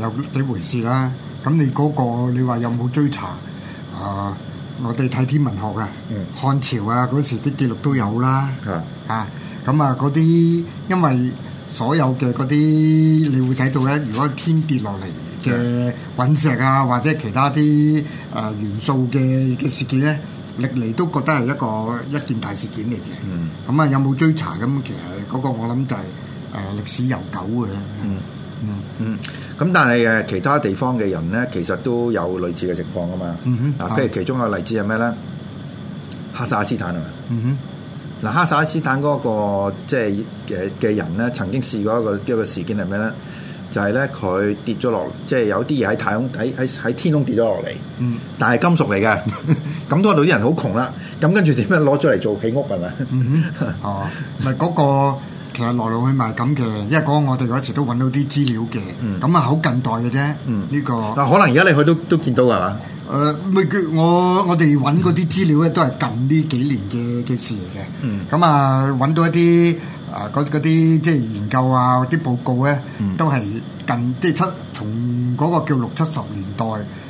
有幾回事啦？咁你嗰個你話有冇追查？啊、嗯，我哋睇天文學嘅，漢朝啊嗰時啲記錄都有啦，啊。咁啊，嗰啲因為所有嘅嗰啲，你會睇到咧，如果天跌落嚟嘅隕石啊，或者其他啲啊、呃、元素嘅嘅事件咧，歷來都覺得係一個一件大事件嚟嘅。咁啊、嗯，有冇追查？咁其實嗰個我諗就係、是、誒、呃、歷史悠久嘅。嗯嗯嗯。咁但係誒其他地方嘅人咧，其實都有類似嘅情況啊嘛。嗱、嗯哼，譬如其中一個例子係咩咧？哈薩克斯坦啊。嗯哼。嗯嗯嗱，哈薩克斯坦嗰、那個即係嘅嘅人咧，曾經試過一個一個事件係咩咧？就係咧佢跌咗落，即係有啲嘢喺太空喺喺喺天空跌咗落嚟，嗯，但係金屬嚟嘅，咁多度啲人好窮啦，咁跟住點樣攞咗嚟做起屋係咪？哦，咪嗰、那個其實來來去去咁嘅，因為嗰個我哋嗰時都揾到啲資料嘅，咁啊好近代嘅啫，呢、嗯嗯這個嗱、嗯、可能而家你去都都，都見到係嘛？誒咪佢我我哋揾嗰啲資料咧，都係近呢幾年嘅嘅事嚟嘅。咁、嗯、啊揾到一啲啊嗰啲即係研究啊，啲報告咧、啊，嗯、都係近即係七從嗰個叫六七十年代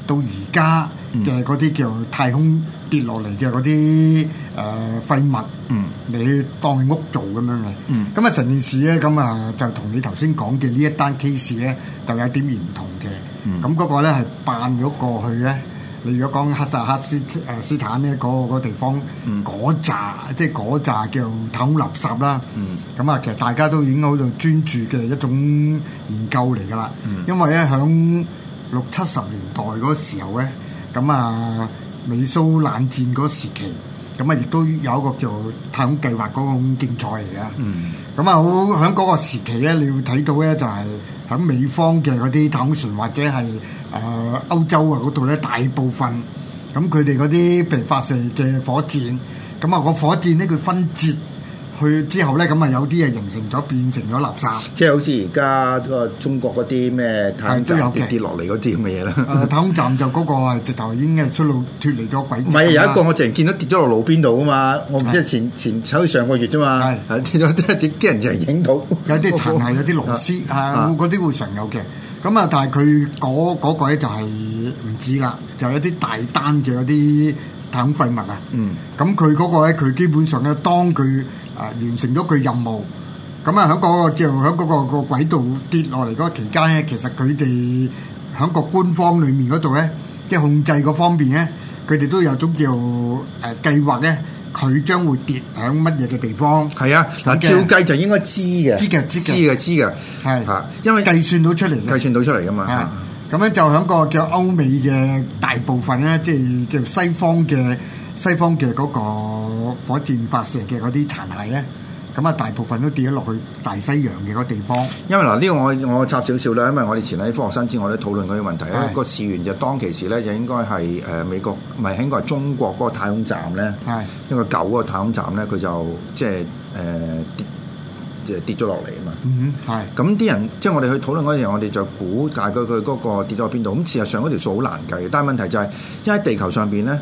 到而家嘅嗰啲叫太空跌落嚟嘅嗰啲誒廢物。嗯，你當屋做咁樣嘅、嗯嗯。嗯，咁啊成件事咧，咁啊就同你頭先講嘅呢一單 case 咧，就有點唔同嘅。咁嗰個咧係扮咗過去咧。你如果講哈薩克斯誒斯坦咧，嗰個地方嗰扎即係嗰紮叫太空垃圾啦，咁啊、嗯，其實大家都已經好做專注嘅一種研究嚟㗎啦。嗯、因為咧，響六七十年代嗰時候咧，咁啊，美蘇冷戰嗰時期，咁啊，亦都有一個叫太空計劃嗰個競賽嚟嘅。咁啊、嗯，好響嗰個時期咧，你要睇到咧就係、是。咁美方嘅嗰啲太空船或者係誒歐洲啊嗰度咧，大部分咁佢哋嗰啲譬如發射嘅火箭，咁、那、啊，個火箭咧佢分節。去之後咧，咁啊有啲啊形成咗，變成咗垃圾，即係好似而家個中國嗰啲咩太空站跌跌落嚟嗰啲咁嘅嘢啦。太空站就嗰個係直頭已經嘅出路脫離咗軌跡啦。唔係有一個我淨係見到跌咗落路邊度啊嘛！我唔知前前首上個月啫嘛，係跌咗即係跌，啲人就係影到有啲殘骸，有啲螺絲啊，嗰啲會常有嘅。咁啊，但係佢嗰個咧就係唔止啦，就係一啲大單嘅嗰啲太空廢物啊。嗯。咁佢嗰個咧，佢基本上咧，當佢。啊！完成咗佢任務，咁啊喺個叫喺嗰個個軌道跌落嚟嗰期間咧，其實佢哋喺個官方裡面嗰度咧，即係控制個方面咧，佢哋都有種叫誒計劃咧，佢將會跌喺乜嘢嘅地方？係啊，照計就應該知嘅，知嘅，知嘅，知嘅，係嚇，因為計算到出嚟，計算到出嚟㗎嘛，咁樣就喺個叫歐美嘅大部分咧，即係叫西方嘅。西方嘅嗰個火箭發射嘅嗰啲殘骸咧，咁啊大部分都跌咗落去大西洋嘅嗰地方。因為嗱，呢、這個我我插少少啦，因為我哋前喺啲科學生之外咧討論嗰啲問題咧，是 個事源就當其時咧就應該係誒美國，唔、嗯、係應該係中國嗰個太空站咧，一個是 舊個太空站咧佢就即係誒跌，即係跌咗落嚟啊嘛。嗯是，咁啲人即係我哋去討論嗰陣，我哋就估大概佢嗰個跌咗去邊度。咁事實上嗰條數好難計，但係問題就係因為地球上邊咧。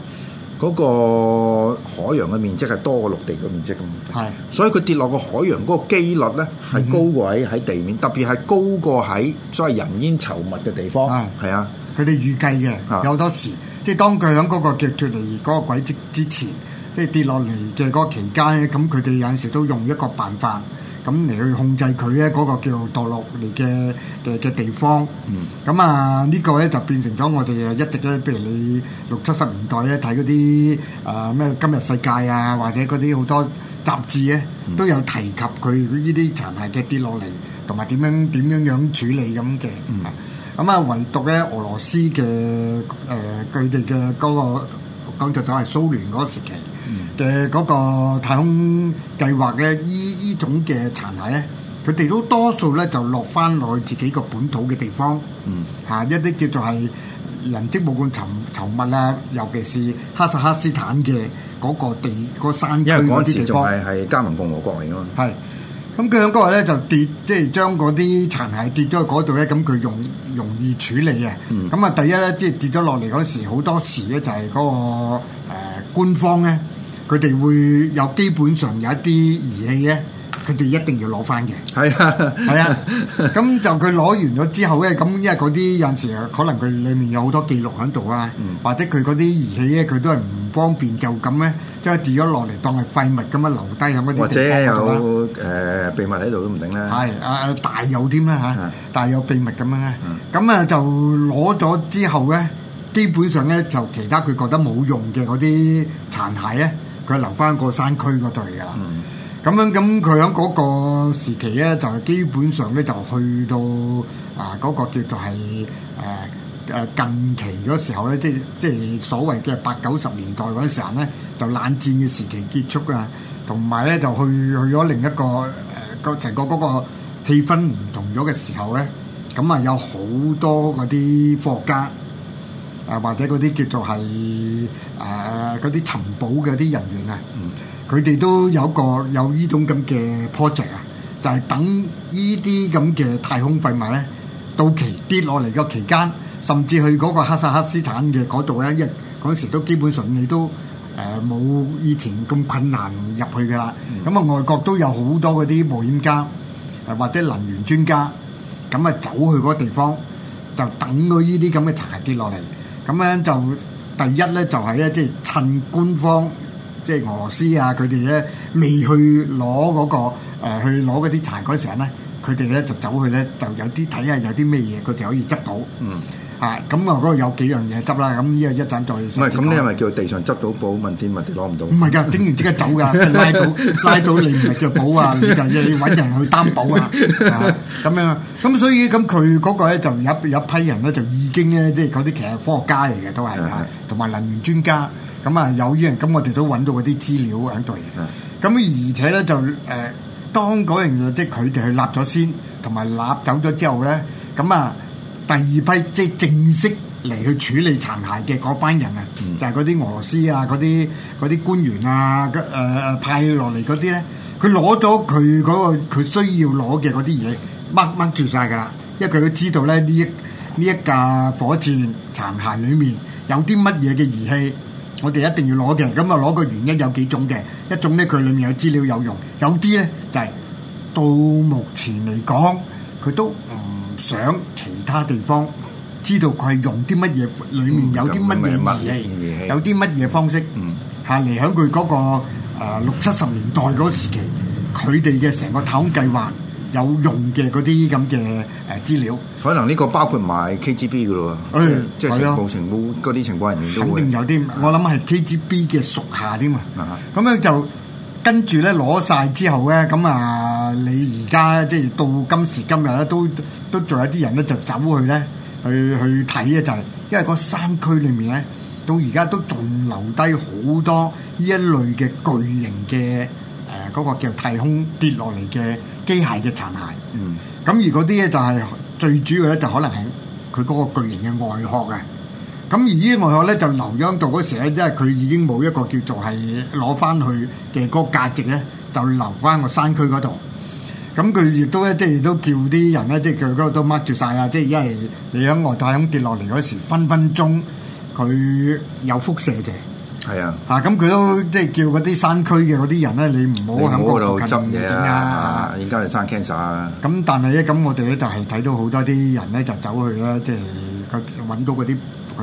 嗰個海洋嘅面積係多過陸地嘅面積咁，係是，所以佢跌落個海洋嗰個機率咧係高過喺地面，嗯、哼特別係高過喺所謂人煙稠密嘅地方，係是啊，佢哋預計嘅，啊、有好多時，即係當佢喺嗰個嘅脫離嗰個軌跡之前，即係跌落嚟嘅嗰個期間咧，咁佢哋有陣時都用一個辦法。咁嚟去控制佢咧個叫墮落嚟嘅嘅嘅地方。嗯，咁啊、嗯，呢個咧就變成咗我哋啊一直咧，譬如你六七十年代咧睇啲啊咩今日世界啊，或者啲好多雜誌咧，都有提及佢呢啲殘骸嘅跌落嚟，同埋點樣點樣樣處理咁嘅。嗯咁啊、嗯嗯，唯獨咧俄羅斯嘅誒佢哋嘅個講就就係蘇聯嗰個時期嘅嗰個太空計劃嘅。呢種嘅殘骸咧，佢哋都多數咧就落翻落去自己個本土嘅地方，嚇、嗯啊、一啲叫做係人跡冇覲尋尋物啦，尤其是哈薩克斯坦嘅嗰個地嗰、嗰個山區嗰啲地方。因為嗰陣時仲係係加盟共和國嚟啊嘛。係，咁佢響嗰個咧就跌，即係將嗰啲殘骸跌咗去嗰度咧，咁佢容易容易處理啊。咁啊、嗯，第一咧，即係跌咗落嚟嗰陣時，好多時咧就係嗰、嗰個、呃、官方咧。佢哋會有基本上有一啲儀器咧，佢哋一定要攞翻嘅。係 啊，係啊。咁就佢攞完咗之後咧，咁因為嗰啲有時啊，可能佢裏面有好多記錄喺度啊，或者佢嗰啲儀器咧，佢都係唔方便，就咁咧即係掉咗落嚟當係廢物咁樣留低咁嘅。或者有誒吧、呃、秘密喺度都唔定啦。係啊，大有添啦嚇，大有秘密咁樣咧。咁啊、嗯、就攞咗之後咧，基本上咧就其他佢覺得冇用嘅嗰啲殘骸咧。佢留翻個山區嗰隊噶啦，咁樣咁佢喺嗰個時期咧，就基本上咧就去到啊嗰個叫做係誒誒近期嗰時候咧，即係即係所謂嘅八九十年代嗰陣時候咧，就冷戰嘅時期結束啊，同埋咧就去去咗另一個誒個成個嗰個氣氛唔同咗嘅時候咧，咁啊有好多嗰啲科學家。啊，或者嗰啲叫做係誒嗰啲尋寶嘅啲人員啊，嗯，佢哋都有個有呢種咁嘅 project 啊，就係等呢啲咁嘅太空廢物咧到期跌落嚟嘅期間，甚至去嗰個哈薩克斯坦嘅嗰度咧，嗰時都基本上你都誒冇、呃、以前咁困難入去噶啦，咁啊、嗯、外國都有好多嗰啲冒險家，誒或者能源專家，咁啊走去嗰地方就等佢呢啲咁嘅殘骸跌落嚟。咁樣就第一咧，就係咧，即係趁官方即係、就是、俄羅斯啊，佢哋咧未去攞嗰、那個、呃、去攞嗰啲柴嗰陣咧，佢哋咧就走去咧，就有啲睇下有啲咩嘢，佢就可以執到。嗯啊，咁啊、嗯，嗰度有幾樣嘢執啦，咁呢個一陣再唔係，咁咧係咪叫地上執到寶，問天問地攞唔到？唔係㗎，整完即刻走㗎，拉到拉到你咪叫寶啊！你就要揾人去擔保啊，咁樣，咁、嗯嗯、所以咁佢嗰個咧就有有，有一批人咧就已經咧，即係嗰啲其實科學家嚟嘅都係同埋能源專家，咁啊有啲人，咁我哋都揾到嗰啲資料喺度，咁而且咧就誒、呃，當嗰樣嘢即係佢哋去立咗先，同埋立走咗之後咧，咁啊。第二批即係正式嚟去處理殘骸嘅嗰班人啊，嗯、就係嗰啲俄羅斯啊、嗰啲嗰啲官員啊、誒、呃、派落嚟嗰啲咧，佢攞咗佢嗰個佢需要攞嘅嗰啲嘢，掹掹住晒㗎啦，因為佢都知道咧呢呢一架火箭殘骸裡面有啲乜嘢嘅儀器，我哋一定要攞嘅，咁啊攞個原因有幾種嘅，一種咧佢裡面有資料有用，有啲咧就係、是、到目前嚟講佢都。想其他地方，知道佢係用啲乜嘢，裏面有啲乜嘢字，嗯、有啲乜嘢方式，下嚟喺佢嗰個、呃、六七十年代嗰時期，佢哋嘅成個太空計劃有用嘅嗰啲咁嘅誒資料。可能呢個包括埋 KGB 嘅咯，即係即係啲情報啲情、哎、呀情報人員都肯定有啲，我諗係 KGB 嘅屬下添嘛。咁、哎、呀樣就。跟住咧攞晒之後咧，咁啊，你而家即係到今時今日咧，都都仲有啲人咧就走去咧，去去睇啊！就係因為個山區裏面咧，到而家都仲留低好多呢一類嘅巨型嘅誒嗰個叫太空跌落嚟嘅機械嘅殘骸。嗯，咁，嗯，而嗰啲咧就係最主要咧，就可能係佢嗰個巨型嘅外殼啊。咁而呢啲外殼咧就留喺度嗰時咧，因為佢已經冇一個叫做係攞翻去嘅嗰個價值咧，就留翻個山區嗰度。咁佢亦都咧，即係亦都叫啲人咧，即係佢嗰都 mark 住晒啊！即係因為你喺外太空跌落嚟嗰時，分分鐘佢有輻射嘅。係啊！啊咁佢都即係叫嗰啲山區嘅嗰啲人咧，你唔好喺嗰度針嘢啊！應該係生 cancer 咁。但係咧，咁我哋咧就係睇到好多啲人咧就走去啦，即係揾到嗰啲。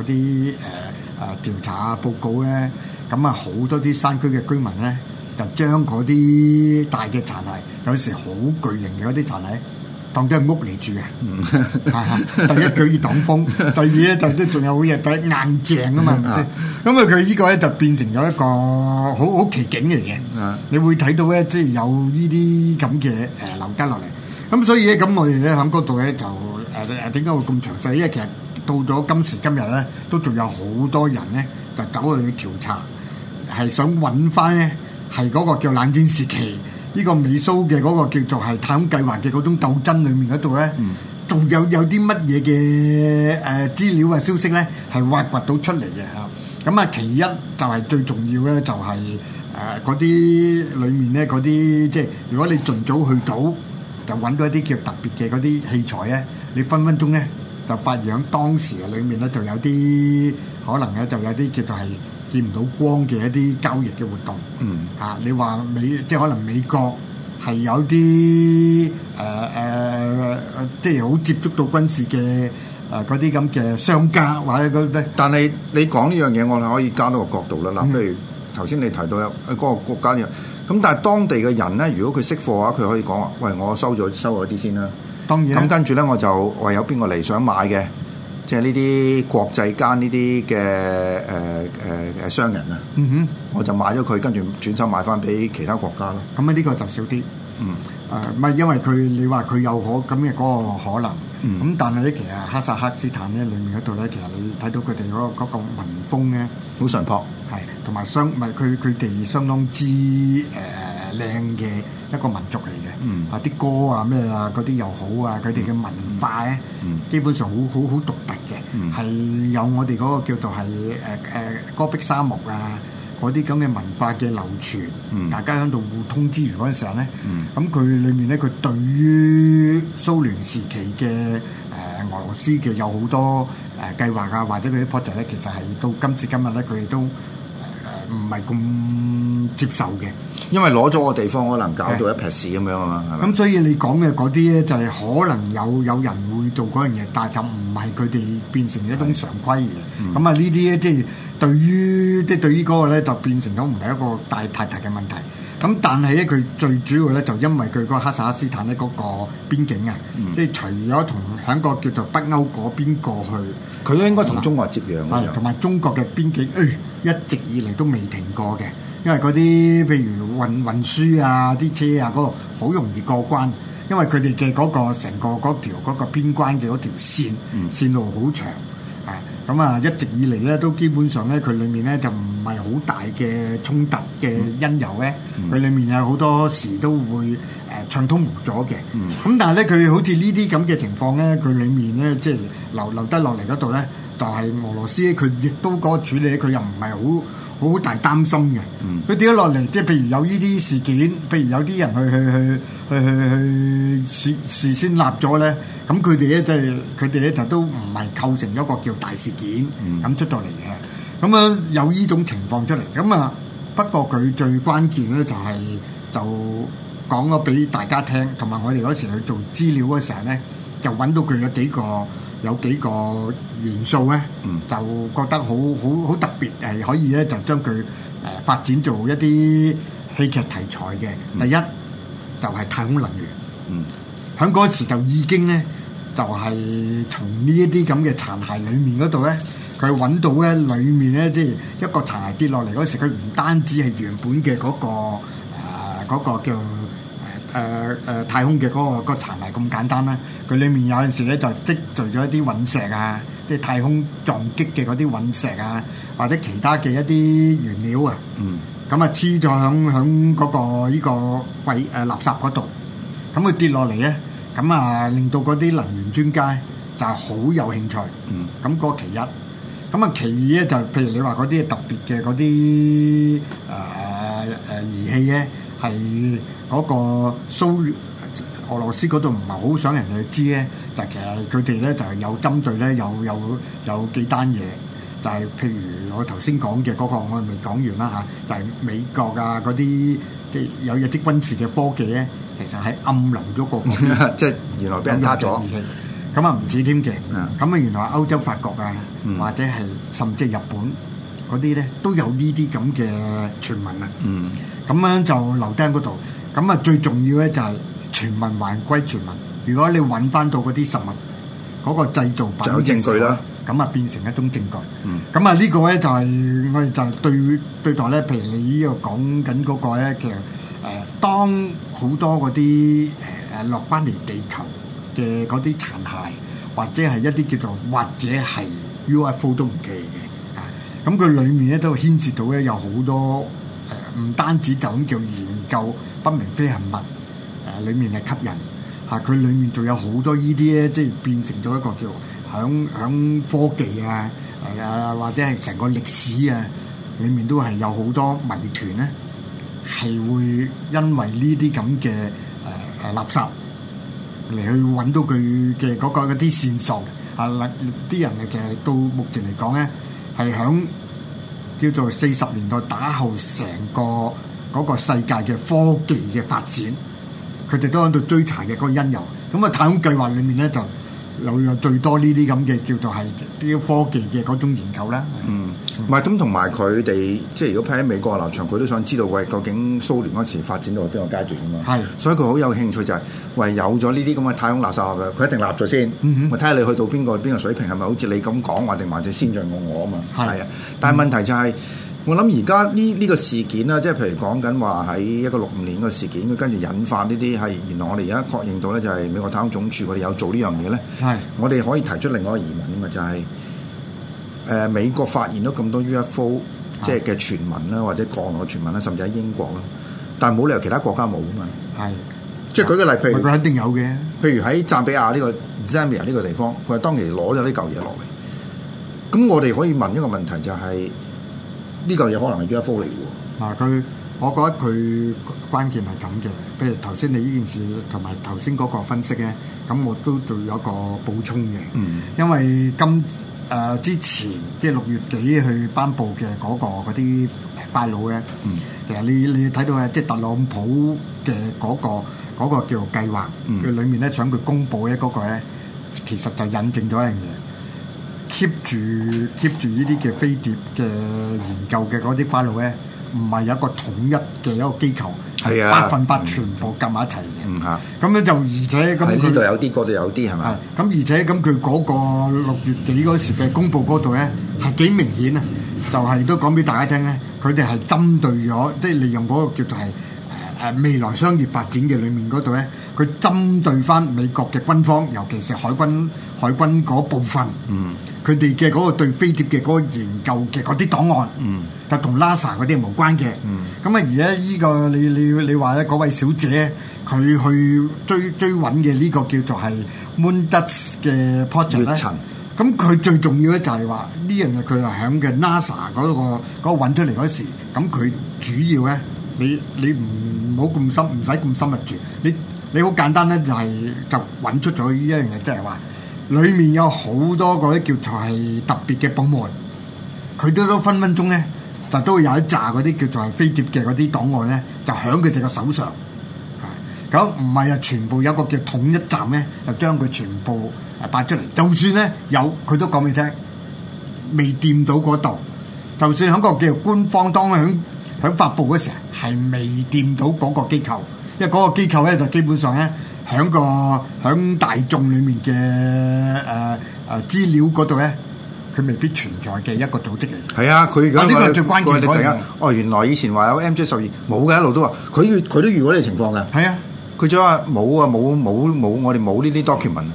啲誒誒調查啊報告咧，咁啊好多啲山區嘅居民咧，就將嗰啲大嘅殘骸，有時好巨型嘅嗰啲殘骸，當咗係屋嚟住嘅。嗯嗯、第一佢以擋風，第二咧就都仲有好嘢，第一硬淨啊嘛，咪、啊？咁啊佢呢、嗯、個咧就變成咗一個好好奇景嚟嘅。你會睇到咧，即係有呢啲咁嘅誒流落嚟。咁、嗯、所以咧，咁、嗯、我哋咧喺嗰度咧就誒誒點解會咁詳細？因為其實到咗今時今日咧，都仲有好多人咧，就走去調查，係想揾翻咧，係嗰個叫冷戰時期呢個美蘇嘅嗰個叫做係太空計劃嘅嗰種鬥爭裏面嗰度咧，嗯，仲有有啲乜嘢嘅誒資料啊消息咧，係挖掘到出嚟嘅嚇。咁啊，其一就係最重要咧，就係誒嗰啲裏面咧嗰啲，即係如果你盡早去到，就揾到一啲叫特別嘅嗰啲器材咧，你分分鐘咧。就發現喺當時嘅裏面咧，就有啲可能咧，就有啲叫做係見唔到光嘅一啲交易嘅活動。嗯，啊，你話美即係可能美國係有啲誒誒，即係好接觸到軍事嘅誒嗰啲咁嘅商家或者嗰啲。但係你講呢樣嘢，我哋可以加多個角度啦。嗱、嗯，譬如頭先你提到有嗰個國家有，咁但係當地嘅人咧，如果佢識貨嘅話，佢可以講話：喂，我收咗收咗啲先啦。當然，咁跟住咧，我就唯有邊個嚟想買嘅，即係呢啲國際間呢啲嘅誒誒誒商人啊，嗯哼，我就買咗佢，跟住轉手賣翻俾其他國家咯。咁啊、嗯，呢個就少啲，嗯，誒、呃，唔係因為佢你話佢有可咁嘅嗰個可能，咁、嗯、但係咧其實哈薩克斯坦咧裡面嗰度咧，其實你睇到佢哋嗰個民風咧，好淳樸，係，同埋相唔係佢佢哋相當之誒靚嘅。一個民族嚟嘅，啊啲歌啊咩啊嗰啲又好啊，佢哋嘅文化咧，基本上好好好獨特嘅，係有我哋嗰個叫做係誒誒戈壁沙漠啊嗰啲咁嘅文化嘅流傳，大家喺度互通之餘嗰陣時候咧，咁佢裡面咧佢對於蘇聯時期嘅誒俄羅斯嘅有好多誒計劃啊，或者佢啲 project 咧，其實係到今時今日咧，佢哋都誒唔係咁。接受嘅，因為攞咗個地方，可能搞到一撇屎咁樣啊嘛。咁的吧所以你講嘅嗰啲咧，就係可能有有人會做嗰樣嘢，但係就唔係佢哋變成一種常規嘅。咁啊的，就是，呢啲咧，即係對於即係對於嗰個咧，就變成咗唔係一個大太大嘅問題。咁但係咧，佢最主要咧，就因為佢嗰個哈薩克斯坦咧嗰個邊境啊，嗯、即係除咗同喺個叫做北歐嗰邊過去，佢都應該同中國接壤啊，同埋中國嘅邊境，誒、哎，一直以嚟都未停過嘅。因為嗰啲譬如運運輸啊、啲車啊，嗰、那個好容易過關，因為佢哋嘅嗰成個嗰條嗰、那個邊關嘅嗰條線、嗯、線路好長，啊咁啊、嗯、一直以嚟咧都基本上咧佢裡面咧就唔係好大嘅衝突嘅因由咧，佢、嗯、裡面有好多時都會誒、呃、暢通無阻嘅，咁、嗯嗯嗯、但係咧佢好似呢啲咁嘅情況咧，佢裡面咧即係留留得落嚟嗰度咧，就係、是就是、俄羅斯佢亦都嗰個處理佢又唔係好。好大擔心嘅，佢跌咗落嚟，即係譬如有呢啲事件，譬如有啲人去去去去去去時事先立咗咧，咁佢哋咧即係佢哋咧就都唔係構成一個叫大事件咁出到嚟嘅，咁啊、嗯、有呢種情況出嚟，咁啊不過佢最關鍵咧就係就講咗俾大家聽，同埋我哋嗰時去做資料嗰時候咧，就揾到佢有幾個。有幾個元素咧，嗯、就覺得好好好特別，係、呃、可以咧就將佢誒、呃、發展做一啲戲劇題材嘅。第一、嗯、就係太空能源，喺嗰、嗯、時就已經咧就係、係、從呢一啲咁嘅殘骸裡面嗰度咧，佢揾到咧裡面咧即係一個殘骸跌落嚟嗰時，佢唔單止係原本嘅嗰、嗰個誒嗰、呃嗰個叫。誒誒、呃呃，太空嘅嗰、那個、那個殘骸咁簡單啦、啊。佢裏面有陣時咧就積聚咗一啲隕石啊，即係太空撞擊嘅嗰啲隕石啊，或者其他嘅一啲原料啊。嗯。咁、嗯那個這個、啊，黐咗響響嗰個依個廢誒垃圾嗰度，咁佢跌落嚟咧，咁啊令到嗰啲能源專家就係好有興趣。嗯。咁、嗯那個其一，咁、那、啊、個、其，其二咧就譬如你話嗰啲特別嘅嗰啲誒誒儀器咧。係嗰、那個蘇俄羅斯嗰度唔係好想人哋知咧，就其實佢哋咧就係有針對咧，有有有幾單嘢，就係、是、譬如我頭先講嘅嗰個，我未講完啦嚇、啊，就係、是、美國啊嗰啲即係有一啲軍事嘅科技咧，其實係暗淋咗個， 即係原來俾人蝦咗，咁啊唔止添嘅，咁啊、嗯嗯、原來歐洲法國啊，或者係甚至日本。嗰啲咧都有呢啲咁嘅傳聞啦，嗯、咁樣就留低喺嗰度。咁啊最重要咧就係傳聞還歸傳聞。如果你揾翻到嗰啲實物，嗰個製造品就有證據啦。咁啊變成一種證據。咁啊呢個咧就係我哋就對對待咧。譬如你呢個講緊嗰個咧，其實、呃、當好多嗰啲誒誒落翻嚟地球嘅嗰啲殘骸，或者係一啲叫做或者係 UFO 都唔記得。咁佢裏面咧都牽涉到咧有好多誒，唔、呃、單止就咁叫研究不明飛行物誒，裏、呃、面係吸引嚇，佢、啊、裏面仲有好多呢啲咧，即係變成咗一個叫響響科技啊，誒、呃、或者係成個歷史啊，裏面都係有好多謎團咧，係、啊、會因為呢啲咁嘅誒誒垃圾嚟去揾到佢嘅嗰個嗰啲線索啊，啲人嘅其實到目前嚟講咧。啊係響叫做四十年代打後成個嗰個世界嘅科技嘅發展，佢哋都喺度追查嘅嗰個因由。咁啊，太空計劃裏面咧就。有有最多呢啲咁嘅叫做係啲科技嘅嗰種研究啦。嗯，唔係咁同埋佢哋，即係如果派喺美國嘅立場，佢都想知道喂，究竟蘇聯嗰時發展到去邊個階段啊嘛？係的，所以佢好有興趣就係、是、喂，有咗呢啲咁嘅太空垃圾啊，佢一定立咗先，我睇下你去到邊個邊個水平，係咪好似你咁講話定或者先進過我啊嘛？係啊的，但係問題就係、是。嗯我諗而家呢呢個事件啦，即係譬如講緊話喺一九六五年嘅事件，跟住引發呢啲係原來我哋而家確認到咧，就係美國太空總署我哋有做呢樣嘢咧。係是，我哋可以提出另外一個疑問嘅，就係、是、誒、呃、美國發現咗咁多 UFO 即係嘅傳聞啦，或者降落嘅傳聞啦，甚至喺英國啦，但係冇理由其他國家冇啊嘛。係是，即係舉個例，譬如佢肯定有嘅，譬如喺贊比亞呢、這個 Zambia 呢個地方，佢當期攞咗呢嚿嘢落嚟。咁我哋可以問一個問題、就是，就係。呢個嘢可能係一樖嚟嘅喎，嗱佢，我覺得佢關鍵係咁嘅，譬如頭先你呢件事同埋頭先嗰個分析咧，咁我都做咗一個補充嘅，嗯、因為今誒、呃、之前即係六月幾去頒布嘅嗰、嗰個嗰啲 file 咧，ile, 嗯、其實你你睇到啊，即係特朗普嘅嗰、嗰個嗰個叫做計劃，佢、嗯、裡面咧想佢公布咧嗰、嗰個咧，其實就引證咗一樣嘢。keep 住 keep 住呢啲嘅飛碟嘅研究嘅嗰啲花路咧，唔係有一個統一嘅一個機構，係百分百全部夾埋一齊嘅。嗯嚇，咁咧就而且咁佢喺度有啲，嗰度有啲係咪？係，咁而且咁佢嗰個六月幾嗰時嘅公佈嗰度咧，係幾明顯啊！就係都講俾大家聽咧，佢哋係針對咗，即係利用嗰個叫做係誒未來商業發展嘅裡面嗰度咧，佢針對翻美國嘅軍方，尤其是海軍海軍嗰部分。嗯。佢哋嘅嗰個對飛碟嘅嗰個研究嘅嗰啲檔案，但係同 NASA 嗰啲係無關嘅。咁啊、嗯，而家呢、呢個你你你話咧嗰位小姐佢去追追揾嘅呢個叫做係 Moon Dust 嘅 project 咧、月塵。咁佢最重要咧就係話呢樣嘢佢係響嘅 NASA 嗰、嗰個嗰、嗰個揾出嚟嗰時，咁佢主要咧你你唔好咁深，唔使咁深入住。你你好簡單咧就係就揾出咗呢一樣嘢，即係話。裏面有好多嗰啲叫做係特別嘅部門，佢都都分分鐘咧就都會有一揸嗰啲叫做係飛碟嘅嗰啲檔案咧，就喺佢哋嘅手上。咁唔係啊，全部有個叫統一站咧，就將佢全部誒擺出嚟。就算咧有，佢都講俾你聽，未掂到嗰度。就算喺個叫官方當喺喺發布嗰時啊，係未掂到嗰個機構，因為嗰個機構咧就基本上咧。喺個喺大眾裏面嘅誒誒資料嗰度咧，佢未必存在嘅一個組織嚟。係啊，佢而家呢個最關鍵。哦，原來以前話有 MJ 十二冇嘅一路都話，佢佢都遇過呢個情況嘅。係啊，佢就話冇啊冇冇冇，我哋冇呢啲 document 的。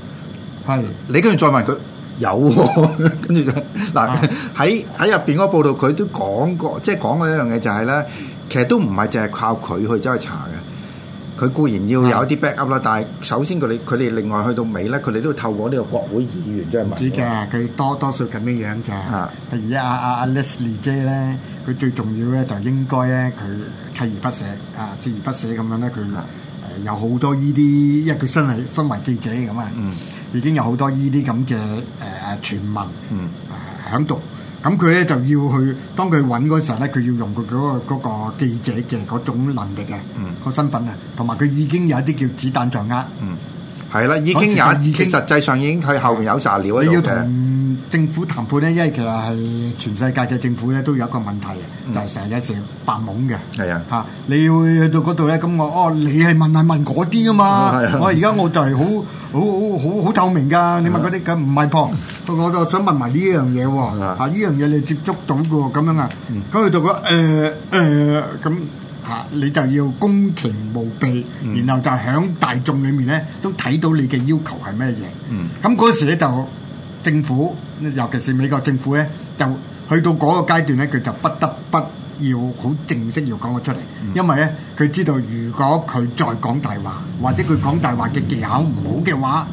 係，你跟住再問佢有， 跟住就嗱喺喺入邊嗰報道，佢都講過，即係講過一樣嘢就係、是、咧，其實都唔係淨係靠佢去走去查嘅。佢固然要有一啲 backup 啦是，但係首先佢哋佢哋另外去到尾咧，佢哋都透過呢個國會議員即係民主嘅，佢多多少少咁樣嘅是。啊，而家阿阿阿 Leslie 姐咧，佢最重要咧就應該咧，佢契而不捨啊，執而不捨咁樣咧，佢誒、呃、有好多依啲，因為佢身係新聞記者嘅嘛，嗯，已經有好多依啲咁嘅誒誒傳聞，呃、嗯，響度、呃。呃呃呃呃咁佢咧就要去，當佢揾嗰時候咧，佢要用佢嗰個記者嘅嗰種能力啊，個、嗯、身份啊，同埋佢已經有一啲叫子彈在握。嗯係啦，已，有已經也，其實實際上已經佢後面有炸料，你要同政府談判咧，因為其實係全世界嘅政府咧，都有一個問題嘅，就係成日成白懵嘅。係、嗯、啊，嚇、嗯啊！你要去到嗰度咧，咁我哦，你係問係問嗰啲啊嘛？我而家我就係好好好好好透明㗎，你問嗰啲咁唔係噃，我就、啊啊啊、想問埋呢樣嘢喎。呢樣嘢你接觸到嘅咁樣啊？咁佢到講誒咁。啊啊啊啊啊嗯啊啊嚇！你就要公平無偏，嗯、然後就喺大眾裏面咧都睇到你嘅要求係咩嘢。咁嗰、嗯、時咧就政府，尤其是美國政府咧，就去到嗰個階段咧，佢就不得不要好正式要講咗出嚟，嗯、因為咧佢知道如果佢再講大話，或者佢講大話嘅技巧唔好嘅話，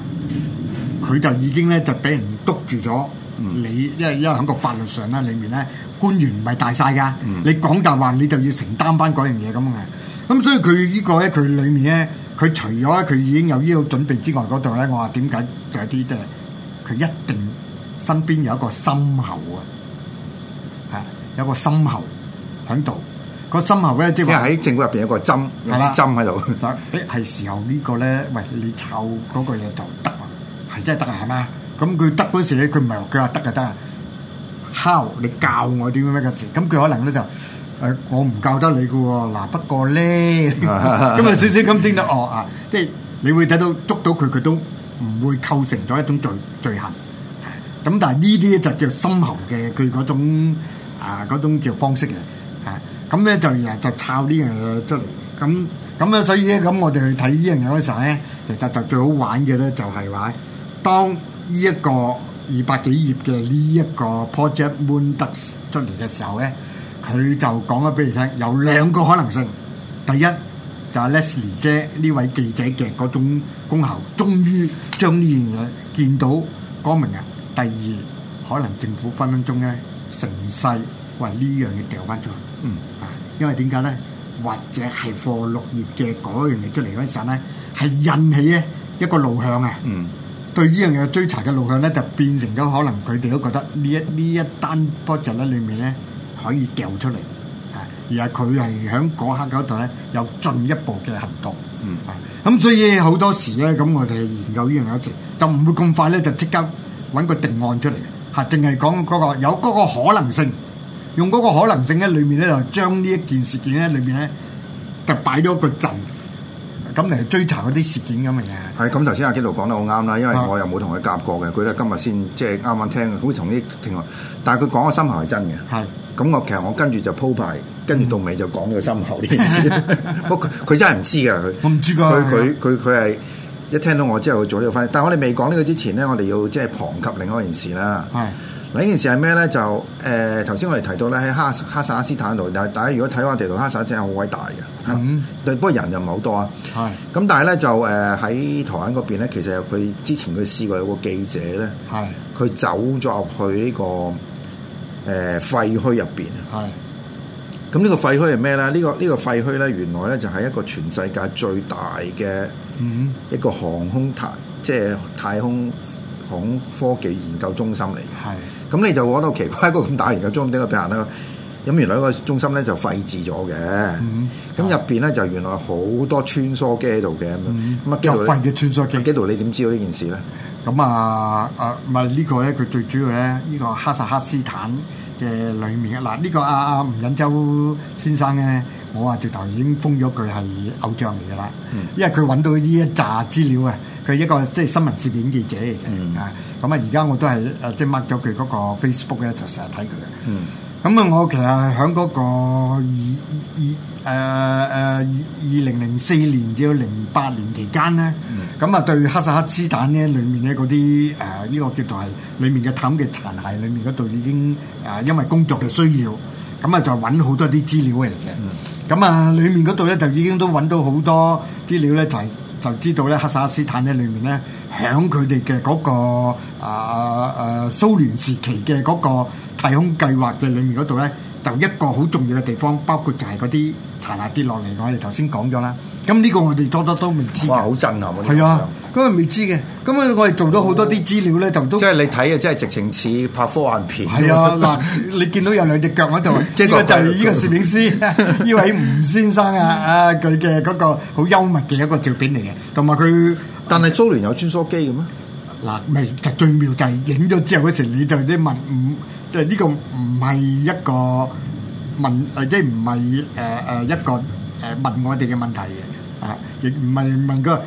佢就已經咧就俾人督住咗你，嗯、因為因為喺個法律上咧裏面咧。官員唔係大晒噶，嗯、你講大話，你就要承擔翻嗰樣嘢咁嘅。咁所以佢呢、呢個咧，佢裏面咧，佢除咗佢已經有呢個準備之外，嗰度咧，我話點解就有啲即係佢一定身邊有一個心喉啊，嚇，有一個心喉喺度。個心喉咧即係喺政府入邊有個針，吧有啲針喺度。誒、欸，係時候個呢個咧？喂，你湊嗰個嘢就得啊？係真係得啊？係嗎？咁佢得嗰時咧，佢唔係話佢話得啊得啊。敲你教我啲咩嘅事？咁佢可能咧就，誒我唔教得你㗎喎。嗱，不過咧，咁啊少少咁精得，哦啊，即係你會睇到捉到佢，佢都唔會構成咗一種罪罪行。咁但係呢啲咧就叫深喉嘅佢嗰種啊嗰種叫方式嘅嚇。咁咧就又就抄呢樣嘢出嚟。咁咁咧所以咧咁我哋去睇呢樣嘢嗰時候咧，其實就最好玩嘅咧就係話，當呢一個。二百幾頁嘅呢一個 project moon 出嚟嘅時候咧，佢就講咗俾你聽，有兩個可能性。第一就係 Leslie 姐呢位記者嘅嗰種功效，終於將呢樣嘢見到光明啊！第二可能政府分分鐘咧，乘勢為呢樣嘢掉翻出嚟。嗯，因為點解咧？或者係放六月嘅嗰樣嘢出嚟嗰陣咧，係引起咧一個路向啊！嗯。對呢樣嘢追查嘅路向咧，就變成咗可能佢哋都覺得呢一呢一單 project 咧裏面咧可以掉出嚟，啊，而係佢係喺嗰刻嗰度咧有進一步嘅行動，嗯，啊、嗯，咁所以好多時咧，咁我哋研究呢樣嘢時，就唔會咁快咧就即刻揾個定案出嚟，嚇、那個，淨係講嗰個有嗰個可能性，用嗰個可能性咧裏面咧就將呢一件事件咧裏面咧就擺咗個陣。咁嚟追查嗰啲事件咁嘅嘢，係咁頭先阿基路講得好啱啦，因為我又冇同佢夾過嘅，佢咧今日先即係啱啱聽，佢同啲聽，但係佢講個心口係真嘅。係是，咁我其實我跟住就鋪排，跟住到尾就講呢個心口呢件事。嗯、 不過佢佢真係唔知㗎佢，我唔知㗎。佢佢佢佢係一聽到我之後做呢個反應，但係我哋未講呢個之前咧，我哋要即係旁及另外一件事啦。係。呢件事係咩咧？就誒頭先我哋提到咧喺哈哈薩克斯坦度，但係大家如果睇翻地圖，哈薩真係好偉大嘅、啊。嗯，但不過人又唔係好多啊。係是。咁但係咧就誒喺、呃、台灣嗰邊咧，其實佢之前佢試過有個記者咧，係佢是走咗入去呢個誒、呃、廢墟入邊。係是。咁呢個廢墟係咩咧？呢個呢個廢墟咧，原來咧就係一個全世界最大嘅一個航空塔，即係太空航空科技研究中心嚟嘅是。係。咁你就講到奇怪，一個咁大型個裝丁個病人咧，咁原來個中心咧就廢置咗嘅。咁入邊咧就原來好多穿梭機喺度嘅。咁啊，廢嘅穿梭機喺度，你點知道呢件事咧？咁啊啊，唔、啊、係、這個、呢個咧，佢最主要咧，呢、這個哈薩克斯坦嘅裏面啊，嗱、這、呢個阿阿吳隱洲先生咧，我啊直頭已經封咗佢係偶像嚟噶啦。嗯、因為佢揾到呢一紮資料啊，佢一個即係新聞攝影記者啊。嗯咁啊，而家我都係誒，即係 mark 咗佢嗰個 Facebook 咧，就成日睇佢嘅。嗯。咁啊，我其實喺嗰個二二誒誒二二零零四年至到零八年期間咧，咁啊、嗯，對哈薩克斯坦咧，裡面咧嗰啲誒呢個叫做係裡面嘅氹嘅殘骸，裡面嗰度已經誒、啊，因為工作嘅需要，咁啊，就揾好多啲資料嚟嘅。咁啊、嗯，裡面嗰度咧就已經都揾到好多資料咧，提、就係。就知道咧，哈薩克斯坦咧裏面咧，響佢哋嘅嗰個啊啊、呃呃、蘇聯時期嘅嗰個太空計劃嘅裏面嗰度咧。就一個好重要嘅地方，包括就係嗰啲殘骸跌落嚟，我哋頭先講咗啦。咁呢個我哋多多都未知。哇！好震撼！係啊，咁啊未知嘅。咁啊，我哋做咗好多啲資料咧，就都即係你睇啊，即係直情似拍科幻片。係啊，嗱，你見到有兩隻腳喺度，呢個就係呢個攝影師，呢位吳先生啊啊，佢嘅嗰個好幽默嘅一個照片嚟嘅，同埋佢。但係蘇聯有穿梭機嘅咩？嗱，咪就最妙就係影咗之後嗰時，你就啲問五。即係呢個唔係一個問，誒即係唔係誒誒一個誒問我哋嘅問題嘅，啊亦唔係問個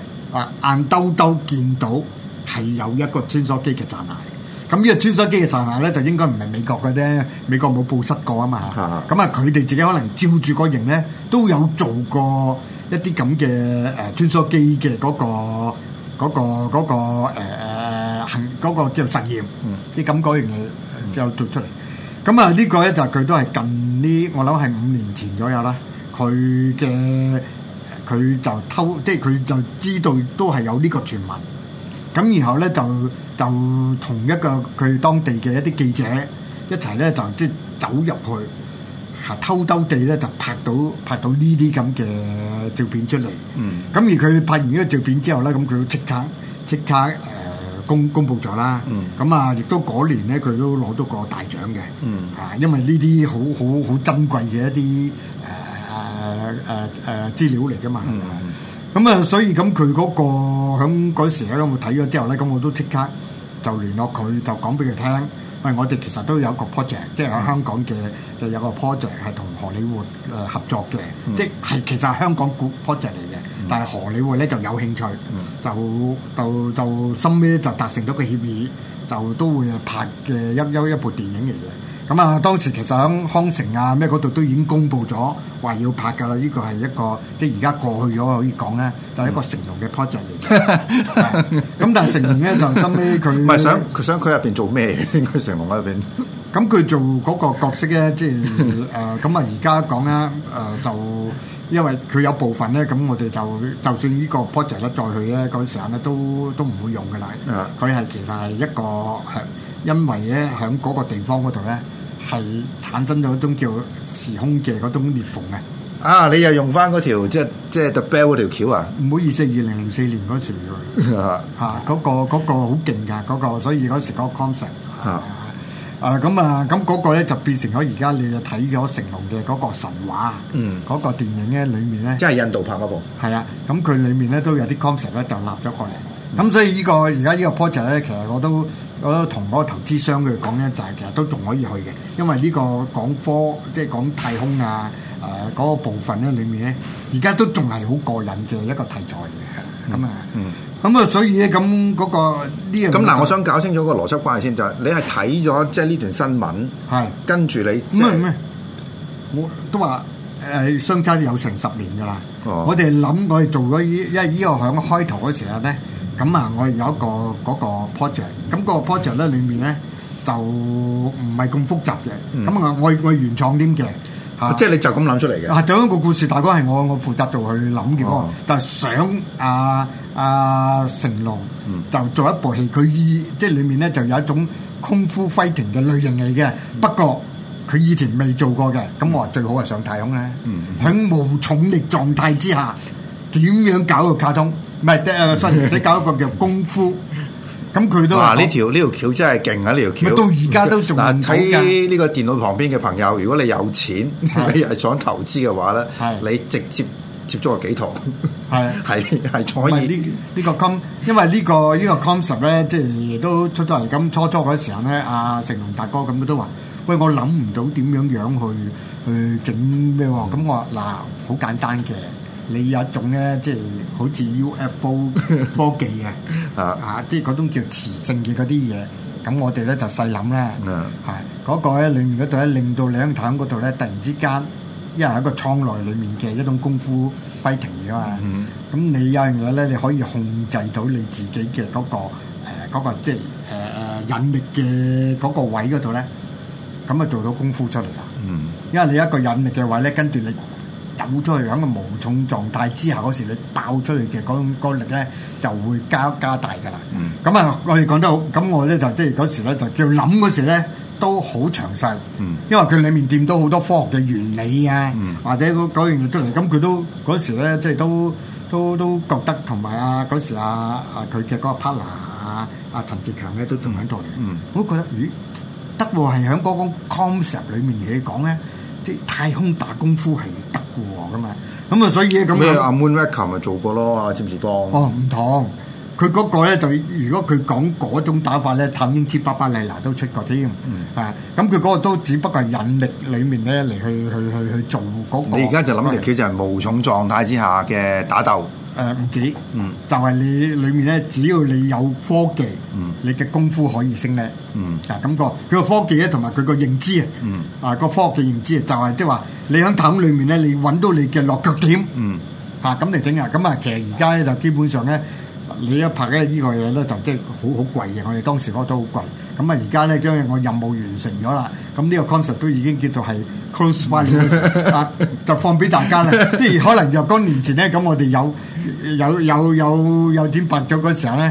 硬兜兜見到係有一個穿梭機嘅殘骸。咁呢個穿梭機嘅殘骸咧，就應該唔係美國嘅啫，美國冇報失過啊嘛。咁啊，佢哋自己可能照住個型咧，都有做過一啲咁嘅誒穿梭機嘅嗰個嗰個嗰個誒誒行嗰個叫做實驗，啲咁嗰樣嘢。之後做出嚟，咁啊呢個咧就佢都係近呢，我諗係五年前左右啦。佢嘅佢就偷，即係佢就知道都係有呢個傳聞。咁然後咧就就同一個佢當地嘅一啲記者一齊咧就即係走入去，係偷偷地咧就拍到拍到呢啲咁嘅照片出嚟。嗯，咁而佢拍完呢個照片之後咧，咁佢要即刻即刻。公公布咗啦，嗯，咁啊，亦都嗰年咧，佢都攞到個大獎嘅，嗯，啊，因為呢啲好好好珍貴嘅一啲誒誒誒誒資料嚟噶嘛，咁啊、嗯，嗯、所以咁佢嗰個響嗰時咧，我睇咗之後咧，咁我都即刻就聯絡佢，就講俾佢聽，喂、呃，我哋其實都有個 project，即係喺香港嘅就有個 project 係同荷里活誒合作嘅，嗯、即係其實係香港嘅 project 嚟嘅。但係荷里活咧就有興趣，就就就最尾就，就達成咗個協議，就都會拍嘅一一一部電影嚟嘅。咁啊，當時其實喺康城啊咩嗰度都已經公布咗，話要拍噶啦。呢、呢個係一個即係而家過去咗可以講咧，就係、係、一個成龍嘅 project 嚟嘅。咁 但係成， 成龍咧就最尾佢唔係想佢想佢入邊做咩？應該成龍喺入邊？咁佢做嗰個角色咧，即係誒咁啊！而家講咧誒就。因為佢有部分咧，咁我哋就就算呢個 project 咧再去咧嗰陣咧，都都唔會用嘅啦。佢係 Yeah. 其實係一個係因為咧喺嗰個地方嗰度咧係產生咗一種叫時空嘅嗰種裂縫嘅。啊！Ah, 你又用翻嗰條即即 The Bell 嗰條橋啊？唔好意思，二零零四年嗰時 Yeah. 啊，嚇、嗰個、嗰個好勁㗎嗰個，所以嗰時嗰 concept 嚇。Yeah. 啊，咁啊、嗯，咁嗰個咧就變成咗而家你又睇咗成龍嘅嗰個神話，嗰、嗯、個電影咧裏面咧，即係印度拍嗰部，係啊，咁佢裏面咧都有啲 concept 咧就立咗過嚟，咁、嗯、所以呢、這個而家呢個 project 咧，其實我都我都同嗰個投資商佢講咧，就係、是、其實都仲可以去嘅，因為呢個講科即係講太空啊，誒、呃、嗰、那個部分咧裏面咧，而家都仲係好過癮嘅一個題材嘅，咁啊，嗯。嗯嗯嗯咁啊，所以咧，咁嗰個呢樣咁嗱，我想搞清楚個邏輯關係先，就係你係睇咗即係呢段新聞，係跟住你咩咩？我都話誒，相差有成十年噶啦。我哋諗我哋做咗呢，因為呢個響開頭嘅時候啊咧，咁啊，我有一個嗰個 project，咁個 project 咧裏面咧就唔係咁複雜嘅，咁啊，我我原創啲嘅吓，即係你就咁諗出嚟嘅。係一個故事，大概係我我負責做去諗嘅，但係想啊。阿、啊、成龍就做一部戲，佢以即係裏面咧就有一種功夫飛騰嘅類型嚟嘅。不過佢以前未做過嘅，咁我話最好係上太空咧，喺、嗯、無重力狀態之下，點樣搞個卡通？唔係、嗯，即係得搞一個叫功夫。咁佢 都話呢條呢條橋真係勁啊！呢條橋到而家都仲唔好。睇呢個電腦旁邊嘅朋友，如果你有錢， 你係想投資嘅話咧， 你直接。接咗幾堂，係係係可以。呢呢、呢個金，呢個、com, 因為呢、呢個呢、呢個 concept 咧，即係都出咗嚟。咁初初嗰時候咧，阿成龍大哥咁都話，喂，我諗唔到點樣樣去去整咩喎？咁、嗯、我話嗱好簡單嘅，你有一種咧，即、就、係、是、好似 UFO 科技嘅，嗯、啊，即係嗰種叫磁性嘅嗰啲嘢。咁我哋咧就細諗啦，啊、嗯，嗰、嗰個咧令嗰度咧令到兩棟嗰度咧突然之間。因為喺個艙內裏面嘅一種功夫 fighting 嘛，咁你有樣嘢咧，你可以控制到你自己嘅嗰、嗰個誒、呃嗰個、即係誒誒引力嘅嗰個位嗰度咧，咁啊做到功夫出嚟啦。嗯、因為你一個引力嘅位咧，跟住你走出去喺個無重狀態之下嗰時，你爆出去嘅嗰種嗰力咧就會加加大㗎啦。咁啊、嗯，我哋講得好，咁我咧就即係嗰時咧就叫諗嗰時咧。都好詳細，因為佢裡面掂到好多科學嘅原理啊，嗯、或者嗰樣嘢出嚟，咁佢都嗰時咧，即係都都都覺得，同埋啊嗰時啊啊佢嘅嗰個 partner 啊，阿、啊啊、陳志強咧都仲喺度，我、嗯、都覺得咦，得喎，係喺嗰個 concept 裡面嚟講咧，即係太空打功夫係得咁啊，咁啊所以咁啊 Moonraker 咪做過咯，阿詹士邦哦唔同。佢嗰個咧就，如果佢講嗰種打法咧，探英姿巴巴麗娜都出過添，啊、嗯，咁佢嗰個都只不過係引力裏面咧嚟去、嗯、去去去做嗰、那個。你而家就諗住佢就係無重狀態之下嘅打鬥，誒唔、嗯、止，嗯，就係、是、你裏面咧，只要你有科技，嗯，你嘅功夫可以升咧，嗯，嗯啊，嗱咁個佢個科技咧同埋佢個認知啊、就是，嗯，啊個科技認知啊，就係即係話你喺探裏面咧，你揾到你嘅落腳點，嗯，嚇咁嚟整啊，咁啊，其實而家咧就基本上咧。你一拍咧，依、呢個嘢咧就即係好好貴嘅，我哋當時覺得好貴，咁啊，而家咧將我任務完成咗啦，咁、這、呢個 concept 都已經叫做係 close by 啊，就放俾大家啦。即係 可能若干年前咧，咁我哋有有有有有啲拍咗嗰時候咧，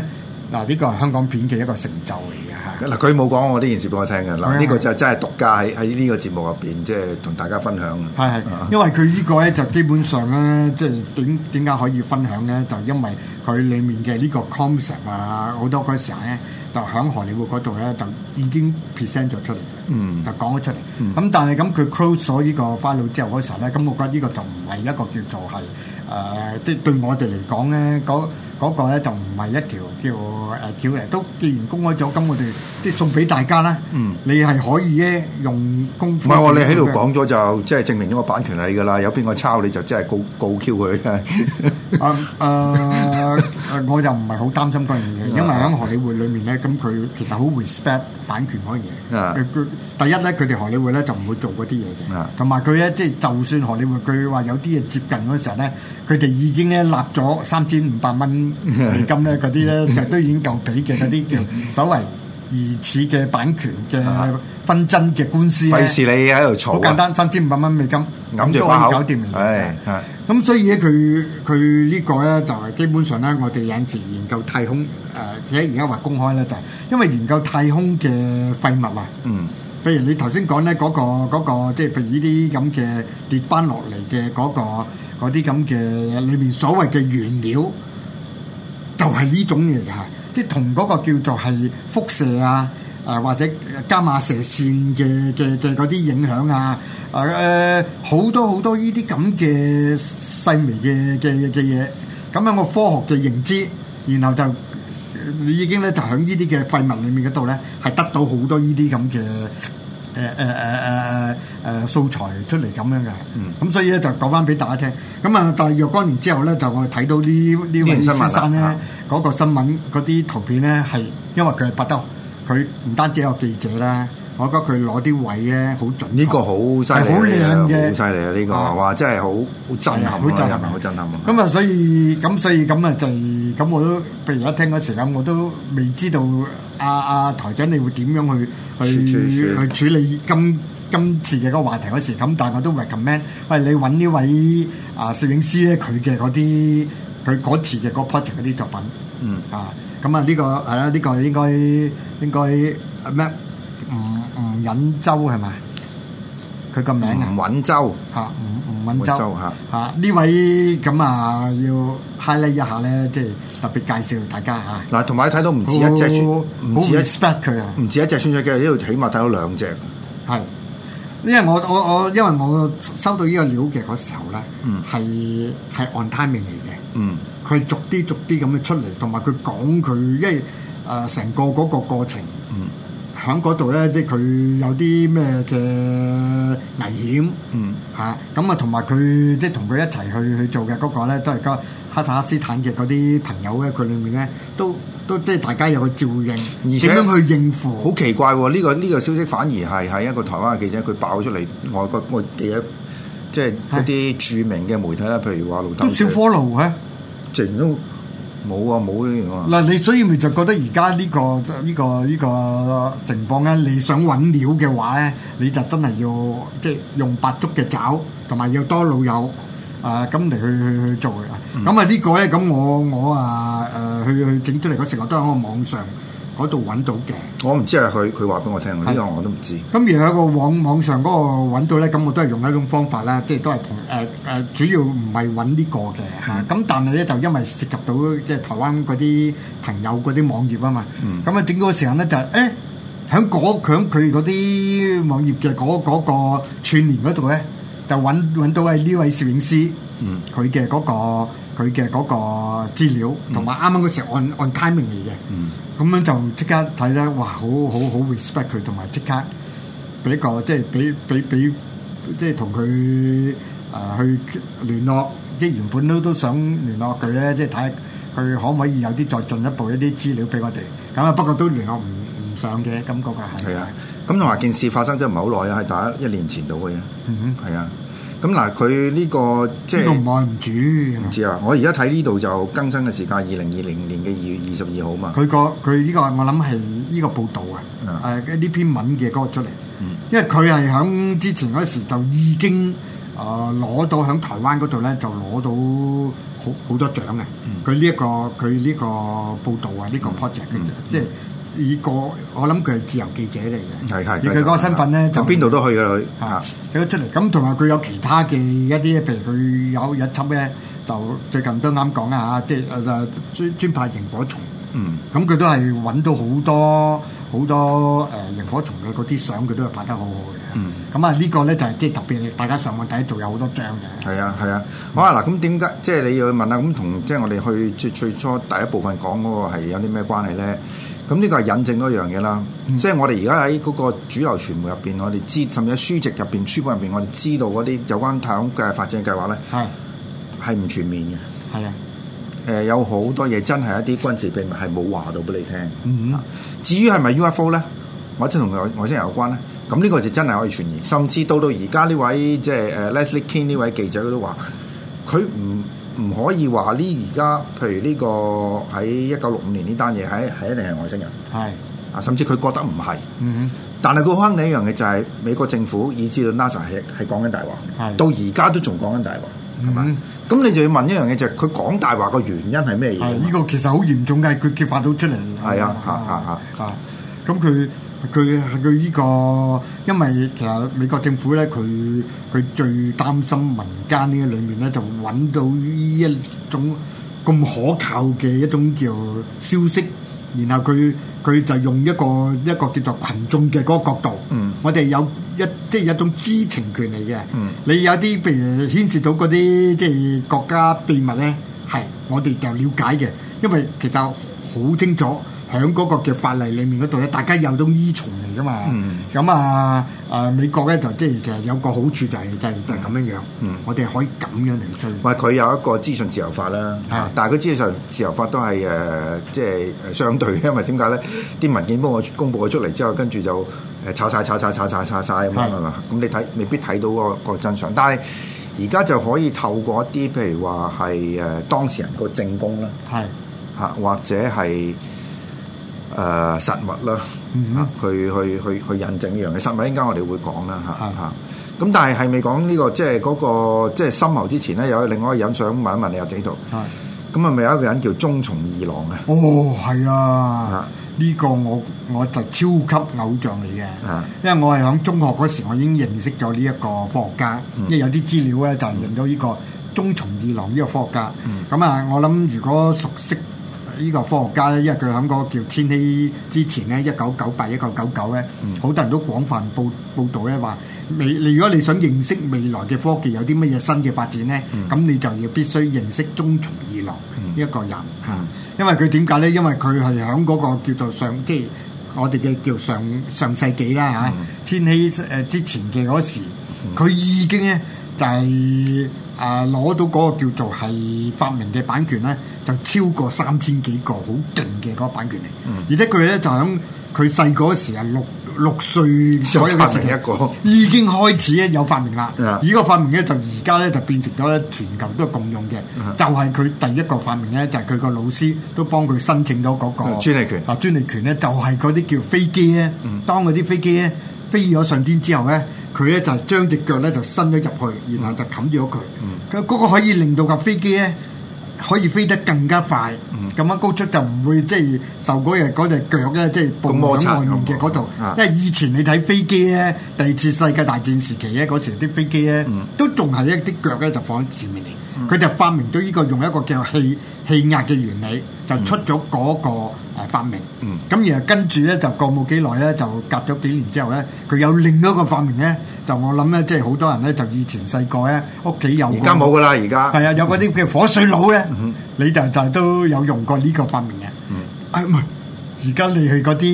嗱、啊、呢、呢個係香港片嘅一個成就嚟。嗱，佢冇講我呢件事俾我聽嘅，嗱，呢是個就是真係獨家喺喺呢個節目入邊，即係同大家分享。係係是，啊、因為佢呢個咧就基本上咧，即係點點解可以分享咧？就因為佢裡面嘅呢個 concept 啊，好多嗰時候咧，就喺荷里活嗰度咧，就已經 present 咗出嚟嘅，嗯、就講咗出嚟。咁、嗯、但係咁佢 close 咗呢個 file 之後嗰時候咧，咁我覺得呢個就唔係一個叫做係。誒、呃，即係對我哋嚟講咧，嗰、嗰個咧就唔係一條叫誒橋嚟。都、呃、既然公開咗，咁我哋即係送俾大家啦。嗯、你係可以咧用功夫、嗯。唔係喎，你喺度講咗就即係證明咗個版權係你㗎啦。有邊個抄你就即係告告 Q 佢。 啊啊！我就唔係好擔心嗰樣嘢，因為喺荷里活裏面咧，咁佢其實好 respect 版權嗰樣嘢。第一咧，佢哋荷里活咧就唔會做嗰啲嘢嘅。同埋佢咧，即係就算荷里活，佢話有啲嘢接近嗰時候咧，佢哋已經咧立咗三千五百蚊美金咧，嗰啲咧就都已經夠俾嘅嗰啲叫所謂疑似嘅版權嘅紛爭嘅官司。費事你喺度吵啊！好簡單，三千五百蚊美金揞住翻口，唉。咁、嗯、所以咧，佢佢呢個咧就係基本上咧，我哋有時研究太空誒，而且而家話公開咧，就係因為研究太空嘅廢物啊。嗯。譬如你頭先講咧嗰個嗰個，即係譬如呢啲咁嘅跌翻落嚟嘅嗰個嗰啲咁嘅裏面所謂嘅原料就，就係呢種嘢嘅，即係同嗰個叫做係輻射啊。誒、啊、或者加馬射線嘅嘅嘅嗰啲影響啊，誒好、呃、多好多呢啲咁嘅細微嘅嘅嘅嘢，咁樣個科學嘅認知，然後就已經咧就喺呢啲嘅廢物裏面嗰度咧，係得到好多呢啲咁嘅誒誒誒誒誒素材出嚟咁樣嘅。嗯，咁、嗯、所以咧就講翻俾大家聽。咁啊，但係若干年之後咧，就我哋睇到呢呢位先生咧嗰個新聞嗰啲圖片咧，係因為佢係不得。佢唔單止有記者啦，我覺得佢攞啲位咧好準。呢個好犀利好靚嘅，好犀利啊！呢、呢個的哇，真係好好震撼，好震撼，好震撼啊！咁啊的，所以咁所以咁、就、啊、是，就咁我都譬如一聽嗰時咁，我都未知道啊啊，台長你會點樣去去處處處去處理今今次嘅嗰個話題嗰時咁，但係我都 recommend，喂，你揾呢位啊攝影師咧，佢嘅嗰啲佢嗰次嘅嗰 project 嗰啲作品，嗯啊。咁啊，呢、這個係啦，呢、這個應該應該咩？吳吳允洲係咪？佢個名啊？吳允洲嚇，吳吳允洲嚇嚇，呢、嗯嗯、位咁啊，要 highlight 一下咧，即係特別介紹大家嚇。嗱、啊，同埋睇到唔止一隻，唔止一 spec 佢啊，唔 past 很 Lawrence. 止一隻穿著嘅，呢度起碼睇到兩隻。係，因為我我我因為我收到呢個料嘅嗰時候咧，嗯，係係、um, on time 嚟嘅，嗯。Um. 佢逐啲逐啲咁樣出嚟，同埋佢講佢，因為誒成個嗰個過程，喺嗰度咧，即係佢有啲咩嘅危險，嚇咁啊，同埋佢即係同佢一齊去去做嘅嗰個咧，都係個哈薩克斯坦嘅嗰啲朋友咧，佢裏面咧都都即係大家有個照應，而點樣去應付？好奇怪喎！呢個呢個消息反而係喺一個台灣嘅記者佢爆出嚟，外國嘅記者即係一啲著名嘅媒體啦，譬如話老豆。少 follow 嘅。整都冇啊，冇呢樣啊！嗱，你所以咪就覺得而家呢個呢個呢個情況咧，你想搵料嘅話咧，你就真係要即係用白粥嘅爪，同埋要多老友啊咁嚟去去去做嘅。咁啊呢個咧，咁我我啊誒去去整出嚟嗰時，我都喺個網上度到嘅，我唔知係佢佢話俾我聽，呢個我都唔知。咁而係一個網網上嗰個揾到咧，咁我都係用一種方法啦，即係都係同誒誒、呃呃、主要唔係揾呢個嘅嚇。咁但係咧就因為涉及到即係台灣嗰啲朋友嗰啲網頁啊嘛，咁啊、嗯、整嗰個時間咧就誒喺嗰喺佢嗰啲網頁嘅嗰個串聯嗰度咧，就揾揾到係呢位攝影師，佢嘅嗰個佢嘅嗰個資料，同埋啱啱嗰時按按 timing 嚟嘅。咁樣就即刻睇咧，哇！好好好 respect 佢，同埋即刻俾個，即係俾俾俾，即係同佢誒去聯絡，即係原本都都想聯絡佢咧，即係睇下佢可唔可以有啲再進一步一啲資料俾我哋。咁啊，不過都聯絡唔唔上嘅感覺啊，係。係啊，咁同埋件事發生咗唔係好耐啊，係大家一年前到去啊。嗯哼，係啊。咁嗱，佢呢、嗯呢個即係都唔愛唔住。唔知啊，嗯、我而家睇呢度就更新嘅時間，二零二零年嘅二月二十二號嘛。佢個佢呢、呢個我諗係呢個報道啊，誒呢、嗯啊、篇文嘅嗰個出嚟。因為佢係響之前嗰時就已經啊攞、呃、到響台灣嗰度咧就攞到好好多獎嘅。佢呢一個佢呢個報道啊，呢、呢個 project 嘅啫、嗯，嗯嗯、即係。以個我諗佢係自由記者嚟嘅，係係以佢嗰個身份咧，的就邊不度都去以嘅佢嚇整咗出嚟。咁同埋佢有其他嘅一啲，譬如佢有一輯咧，就最近都啱講啊，即係專專拍螢火蟲。嗯，咁佢、嗯、都係揾到好多好多誒螢火蟲嘅嗰啲相，佢都係拍得好好嘅。嗯，咁啊呢個咧就係即係特別，大家上網睇仲有好多張嘅。係啊，係啊，好啊！嗱，咁點解即係你要問下，咁同即係我哋去最最初第一部分講嗰個係有啲咩關係咧？咁呢個係引證嗰樣嘢啦，嗯、即係我哋而家喺嗰個主流傳媒入邊，我哋知，甚至喺書籍入邊、書本入邊，我哋知道嗰啲有關太空嘅發展計劃咧，係係唔全面嘅。係啊的，誒、呃、有好多嘢真係一啲軍事秘密係冇話到俾你聽。嗯嗯，至於係咪 UFO 咧，或者同外星人有關咧？咁呢個就真係可以傳言，甚至到到而家呢位即係誒 Leslie King 呢位記者佢都話，佢唔。唔可以話呢？而家譬如呢個喺一九六五年呢單嘢，喺一定係外星人？係啊是，甚至佢覺得唔係。嗯哼，但係佢好肯定一樣嘢、就是，就係美國政府以至是到 NASA 係係講緊大話，到而家都仲講緊大話，係嘛？咁你就要問一樣嘢、就是，就係佢講大話個原因係咩嘢？呢、呢個其實好嚴重嘅，佢揭發到出嚟。係、嗯、啊，嚇嚇嚇！咁佢。佢係對依個，因為其實美國政府咧，佢佢最擔心民間呢個裡面咧，就揾到呢一種咁可靠嘅一種叫消息，然後佢佢就用一個一個叫做群眾嘅嗰個角度，嗯、我哋有一即係、有、一種知情權嚟嘅。嗯、你有啲譬如牽涉到嗰啲即係國家秘密咧，係我哋就了解嘅，因為其實好清楚。喺嗰個嘅法例裏面嗰度咧，大家有種依從嚟㗎嘛？咁啊，誒美國咧就即係其實有個好處就係就就咁樣樣，我哋可以咁樣嚟追。話佢有一個資訊自由法啦，嚇！但係佢資訊自由法都係誒，即係誒相對，因為點解咧？啲文件幫我公佈咗出嚟之後，跟住就誒炒晒、炒炒炒炒炒晒。咁樣係嘛？咁你睇未必睇到嗰個真相，但係而家就可以透過一啲譬如話係誒當事人個證供啦，係嚇，或者係。誒、呃、實物啦，嚇、嗯，去去去去印證呢樣嘢。實物依家我哋會講啦，嚇，咁是的 但係係咪講呢個，即係嗰、那個，即係深謀之前咧，有另外一個人想問一問你阿仔度。咁啊，咪是的 的有一個人叫中松二郎嘅。哦，係啊。呢、這個我我就超級偶像嚟嘅。是的 因為我係響中學嗰時，我已經認識咗呢一個科學家。嗯、因為有啲資料咧，就係認到呢個中松二郎呢個科學家。咁啊、嗯，我諗如果熟悉。呢個科學家咧，因為佢喺嗰個叫千禧之前咧，一九九八、一九九九咧，好多人都廣泛報報導咧話，未你如果你想認識未來嘅科技，有啲乜嘢新嘅發展咧，咁、嗯、你就要必須認識中從二郎呢個人嚇、嗯嗯嗯，因為佢點解咧？因為佢係喺嗰個叫做上，即係我哋嘅叫上上世紀啦嚇，千禧誒之前嘅嗰時，佢、嗯、已經咧、就、在、是。誒攞、啊、到嗰個叫做係發明嘅版權咧，就超過三千幾個好勁嘅嗰個版權嚟。嗯，而且佢咧就響佢細個時啊，六六歲開始發明一個，已經開始咧有發明啦。嗯、而個發明咧就而家咧就變成咗全球都共用嘅，嗯、就係佢第一個發明咧就係佢個老師都幫佢申請咗嗰、嗰個、嗯、專利權。啊，專利權咧就係嗰啲叫飛機咧，嗯、當嗰啲飛機咧飛咗上天之後咧。佢咧就係將隻腳咧就伸咗入去，然後就冚住咗佢。咁嗰、嗯、個可以令到架飛機咧可以飛得更加快。咁、嗯、樣高速就唔會即係、就是、受嗰日嗰隻腳咧即係暴感外面嘅嗰度。因為以前你睇飛機咧，第二次世界大戰時期咧嗰時啲飛機咧、嗯、都仲係一啲腳咧就放喺前面嚟。佢 就發明咗呢、呢個用一個叫氣氣壓嘅原理，就出咗嗰個誒發明。咁 然後跟住咧就過冇幾耐咧，就隔咗幾年之後咧，佢有另一個發明咧，就我諗咧即係好多人咧就以前細個咧屋企有。而家冇㗎啦，而家係啊，有嗰啲叫火水爐咧， 你就就都有用過呢個發明嘅。 哎唔係，而家你去嗰啲，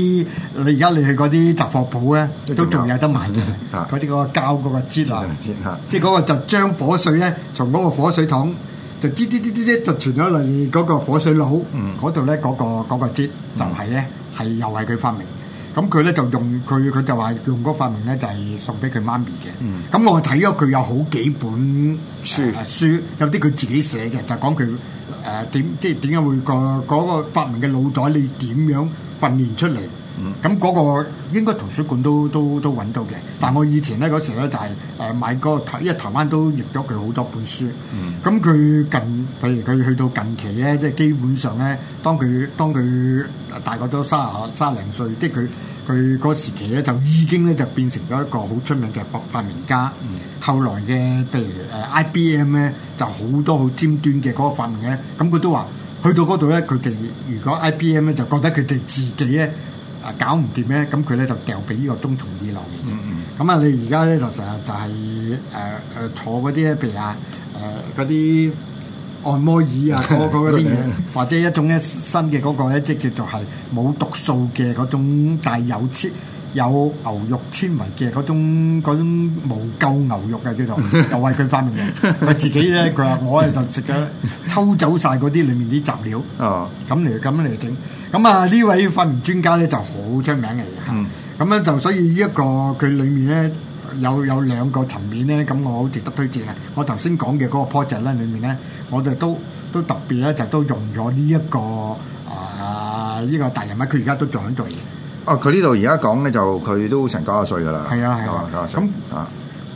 你而家你去嗰啲雜貨鋪咧，都仲有得賣嘅。嗰啲嗰個膠嗰個唧啊， 即係嗰個就將火水咧，從嗰個火水桶就唧唧唧唧唧就傳咗落嚟嗰個火水壺嗰度咧，嗰、嗯嗰個嗰、嗰個、就係、係、咧，係、嗯、又係佢發明。咁佢咧就用佢佢就話用嗰發明咧就係送俾佢媽咪嘅。咁、嗯、我睇咗佢有好幾本書，啊、書有啲佢自己寫嘅，就講佢。誒點、呃、即係點解會個嗰個發明嘅腦袋你點樣訓練出嚟？咁嗰、嗯、個應該圖書館都都都揾到嘅。但係我以前咧嗰時咧就係誒買嗰個，因為台灣都譯咗佢好多本書。咁佢、嗯、近，譬如佢去到近期咧，即係基本上咧，當佢當佢大概都三十啊三十零歲，即係佢。佢嗰時期咧就已經咧就變成咗一個好出名嘅發發明家。嗯、後來嘅譬如誒 IBM 咧就好多好尖端嘅嗰個發明嘅。咁佢都話去到嗰度咧，佢哋如果 IBM 咧就覺得佢哋自己咧啊搞唔掂咧，咁佢咧就掉俾呢個中松義郎。咁啊、嗯，你而家咧就成日就係誒誒坐嗰啲咧，譬如啊誒嗰啲。呃按摩椅啊，嗰嗰啲嘢，或者一種咧新嘅嗰、嗰個咧，即係叫做係冇毒素嘅嗰種帶有有牛肉纖維嘅嗰種嗰種無垢牛肉嘅叫做，又為佢發明嘅。佢 自己咧，佢話我咧就食咗抽走晒嗰啲裡面啲雜料，哦， 咁嚟咁嚟整。咁啊呢位發明專家咧就好出名嘅，咁樣、嗯、就所以呢、呢、一個佢裡面咧。有有兩個層面咧，咁我好值得推薦啊！我頭先講嘅嗰個 project 咧，裡面咧，我哋都都特別咧，就都用咗呢一個啊呢、呃個大人物，佢而家都仲喺度嘅。佢呢度而家講咧，就佢都成九十歲噶啦。係啊係啊，咁啊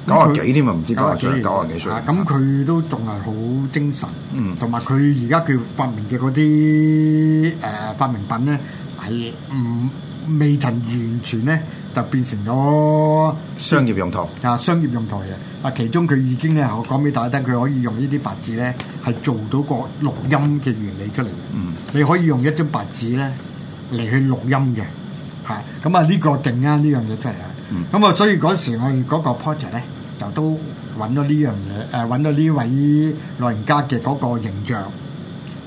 九十幾添啊？唔知九十幾九十幾歲，咁佢都仲係好精神，嗯，同埋佢而家佢發明嘅嗰啲誒發明品咧，係唔未曾完全咧。就變成咗商業用途，啊，商業用途嘅。啊，其中佢已經咧，我講俾大家聽，佢可以用呢啲白紙咧，係做到個錄音嘅原理出嚟。嗯，你可以用一張白紙咧嚟去錄音嘅，嚇。咁啊，呢個勁啊，呢樣嘢出嚟。啊。嗯。咁啊，所以嗰時我哋嗰個 project 咧，就都揾到呢樣嘢，誒、呃、揾到呢位老人家嘅嗰個形象，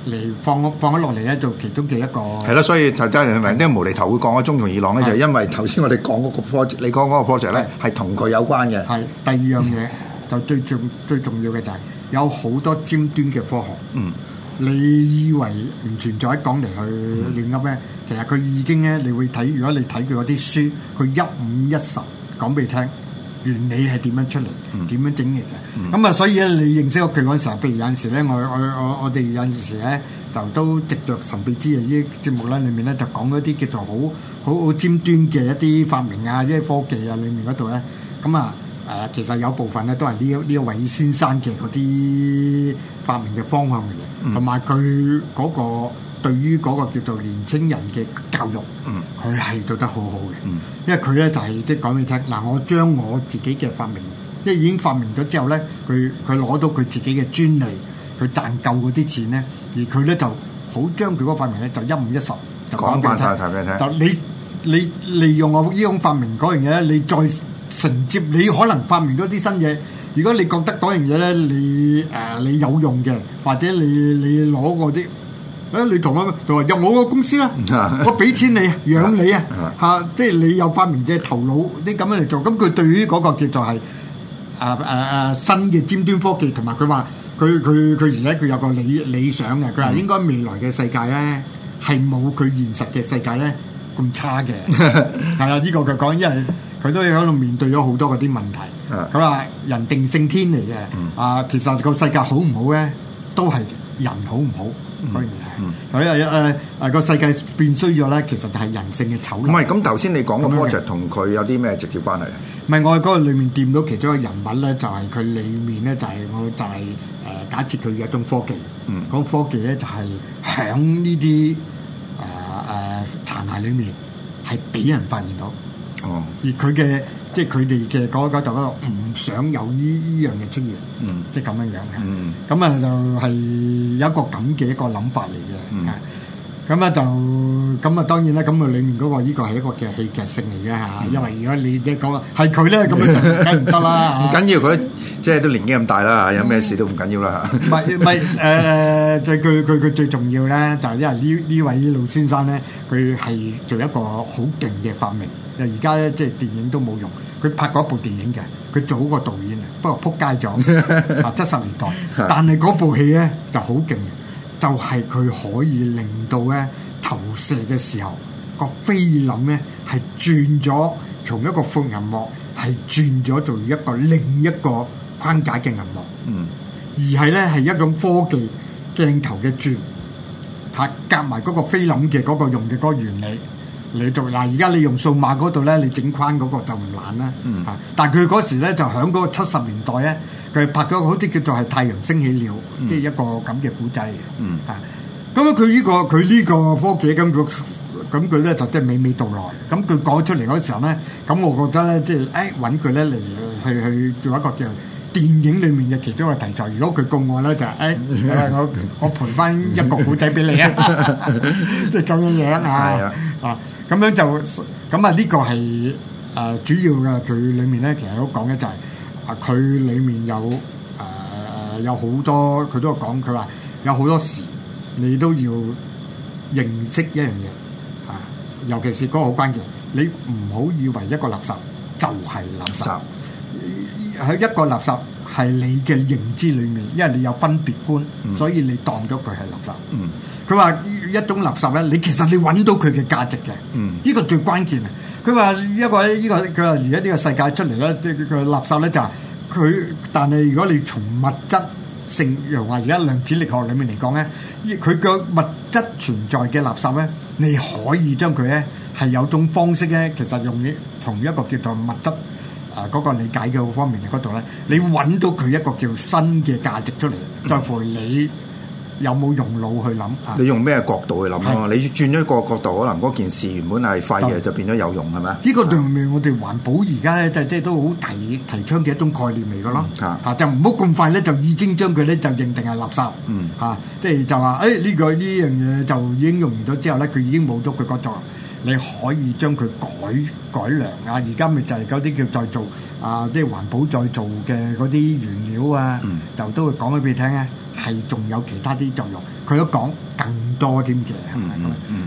嚟放我放咗落嚟咧，就其中嘅一個。係咯，所以頭先你話呢個無釐頭會講個中同二郎咧，就係因為頭先我哋講嗰個 project，你講嗰個 project 咧係同佢有關嘅。係第二樣嘢，就最重最重要嘅就係有好多尖端嘅科學。嗯，你以為唔存在喺講嚟去亂噏咩？其實佢已經咧，你會睇。如果你睇佢嗰啲書，佢一五一十講俾你聽。原理係點樣出嚟？點、嗯、樣整嚟嘅？咁啊、嗯，所以咧，你認識佢嗰陣時候，譬如有陣時咧，我我我我哋有陣時咧，就都直着神秘之夜，呢啲節目咧，裡面咧就講嗰啲叫做好好好尖端嘅一啲發明啊，一啲科技啊，裡面嗰度咧，咁啊，誒，其實有部分咧都係呢一呢一位先生嘅嗰啲發明嘅方向嚟嘅同埋佢嗰個。對於嗰個叫做年青人嘅教育，佢係做得好好嘅，嗯、因為佢咧就係即係講俾你聽嗱，我將我自己嘅發明，即已經發明咗之後咧，佢佢攞到佢自己嘅專利，佢賺夠嗰啲錢咧，而佢咧就好將佢個發明咧就一五一十講晒晒俾你，你聽，就你你利用我呢種發明嗰樣嘢咧，你再承接，你可能發明多啲新嘢，如果你覺得嗰樣嘢咧你誒、呃、你有用嘅，或者你你攞嗰啲。誒你同我，佢話入我個公司啦， 我俾錢你，養你 啊嚇！即係你有發明嘅頭腦，啲咁樣嚟做，咁佢對於嗰個叫做係啊啊啊新嘅尖端科技，同埋佢話佢佢佢而且佢有個理理想嘅，佢話應該未來嘅世界咧係冇佢現實嘅世界咧咁差嘅，係啊！ 依、這個佢講，因為佢都喺度面對咗好多嗰啲問題。佢話，人定勝天嚟嘅啊，其實個世界好唔好咧，都係人好唔好 嗯，佢又誒誒個世界變衰咗咧，其實就係人性嘅醜。唔係，咁頭先你講個 project 同佢有啲咩直接關係啊？唔係，我喺嗰個裡面掂到其中一個人物咧，就係佢裡面咧就係我就係誒假設佢嘅一種科技。嗯，嗰個科技咧就係響呢啲誒誒殘骸裡面係俾人發現到。哦、嗯，而佢嘅。即係佢哋嘅嗰嗰度唔想有呢呢樣嘅出現，嗯、即係咁樣樣嘅。咁啊、嗯、就係、是、有一個咁嘅一個諗法嚟嘅。咁啊、嗯、就咁啊當然啦，咁啊裡面嗰個呢個係一個嘅戲劇性嚟嘅嚇。嗯、因為如果你即係講係佢咧，咁 就梗唔得啦。唔 緊要，佢即係都年紀咁大啦，有咩事都唔緊要啦。唔係唔係誒，佢佢佢佢最重要咧，就係因為呢呢位老先生咧，佢係做一個好勁嘅發明。就而家咧，即係電影都冇用。佢拍過一部電影嘅，佢做過導演，不過撲街咗。七十年代，但係嗰部戲咧就好勁，就係佢可以令到咧投射嘅時候，個菲林咧係轉咗，從一個闊銀幕係轉咗做一個另一個框架嘅銀幕。嗯，而係咧係一種科技鏡頭嘅轉，吓夾埋嗰個菲林嘅嗰個用嘅嗰個原理。你做嗱，而家你用數碼嗰度咧，你整框嗰個就唔難啦。嗯，嚇，但係佢嗰時咧就喺嗰七十年代咧，佢拍咗個好似叫做係《太陽升起了》，即係一個咁嘅古仔。嗯，嗯，嚇、這個，咁佢呢個佢呢個科技咁佢咁佢咧就真係娓娓道來。咁佢講出嚟嗰時候咧，咁我覺得咧即係誒揾佢咧嚟去去做一個叫電影裡面嘅其中嘅題材。如果佢共我咧就誒，我我陪翻一個古仔俾你啊，即係咁樣樣嚇啊！咁樣就咁啊！呢個係誒、呃、主要嘅，佢裡面咧其實都講嘅就係、是、啊，佢裏面有誒誒、呃、有好多，佢都講佢話有好多時，你都要認識一樣嘢啊！尤其是嗰個好關鍵，你唔好以為一個垃圾就係垃圾，喺圾一個垃圾係你嘅認知裡面，因為你有分別觀，嗯、所以你當咗佢係垃圾。嗯，佢話。一種垃圾咧，你其實你揾到佢嘅價值嘅，呢、嗯、個最關鍵啊！佢話一個呢個佢話而家呢個世界出嚟咧，即、就、佢、個、垃圾咧就係佢，但係如果你從物質性，又話而家量子力學裡面嚟講咧，佢嘅物質存在嘅垃圾咧，你可以將佢咧係有種方式咧，其實用於從一個叫做物質啊嗰、嗰個理解嘅方面嗰度咧，你揾到佢一個叫新嘅價值出嚟，在、嗯、乎你。有冇用腦去諗？你用咩角度去諗咯？的你轉咗一個角度，可能嗰件事原本係廢嘅，就變咗有用，係咪？呢個對唔我哋環保而家即係即係都好提提倡嘅一種概念嚟噶咯。吓、嗯啊、就唔好咁快咧，就已經將佢咧就認定係垃圾。吓即係就話誒，呢個呢樣嘢就已經用完咗之後咧，佢已經冇咗佢嗰作用，你可以將佢改改良啊！而家咪就係嗰啲叫再做啊，即係環保再做嘅嗰啲原料啊，就都會講俾俾你聽啊！係仲有其他啲作用，佢都講更多添嘅。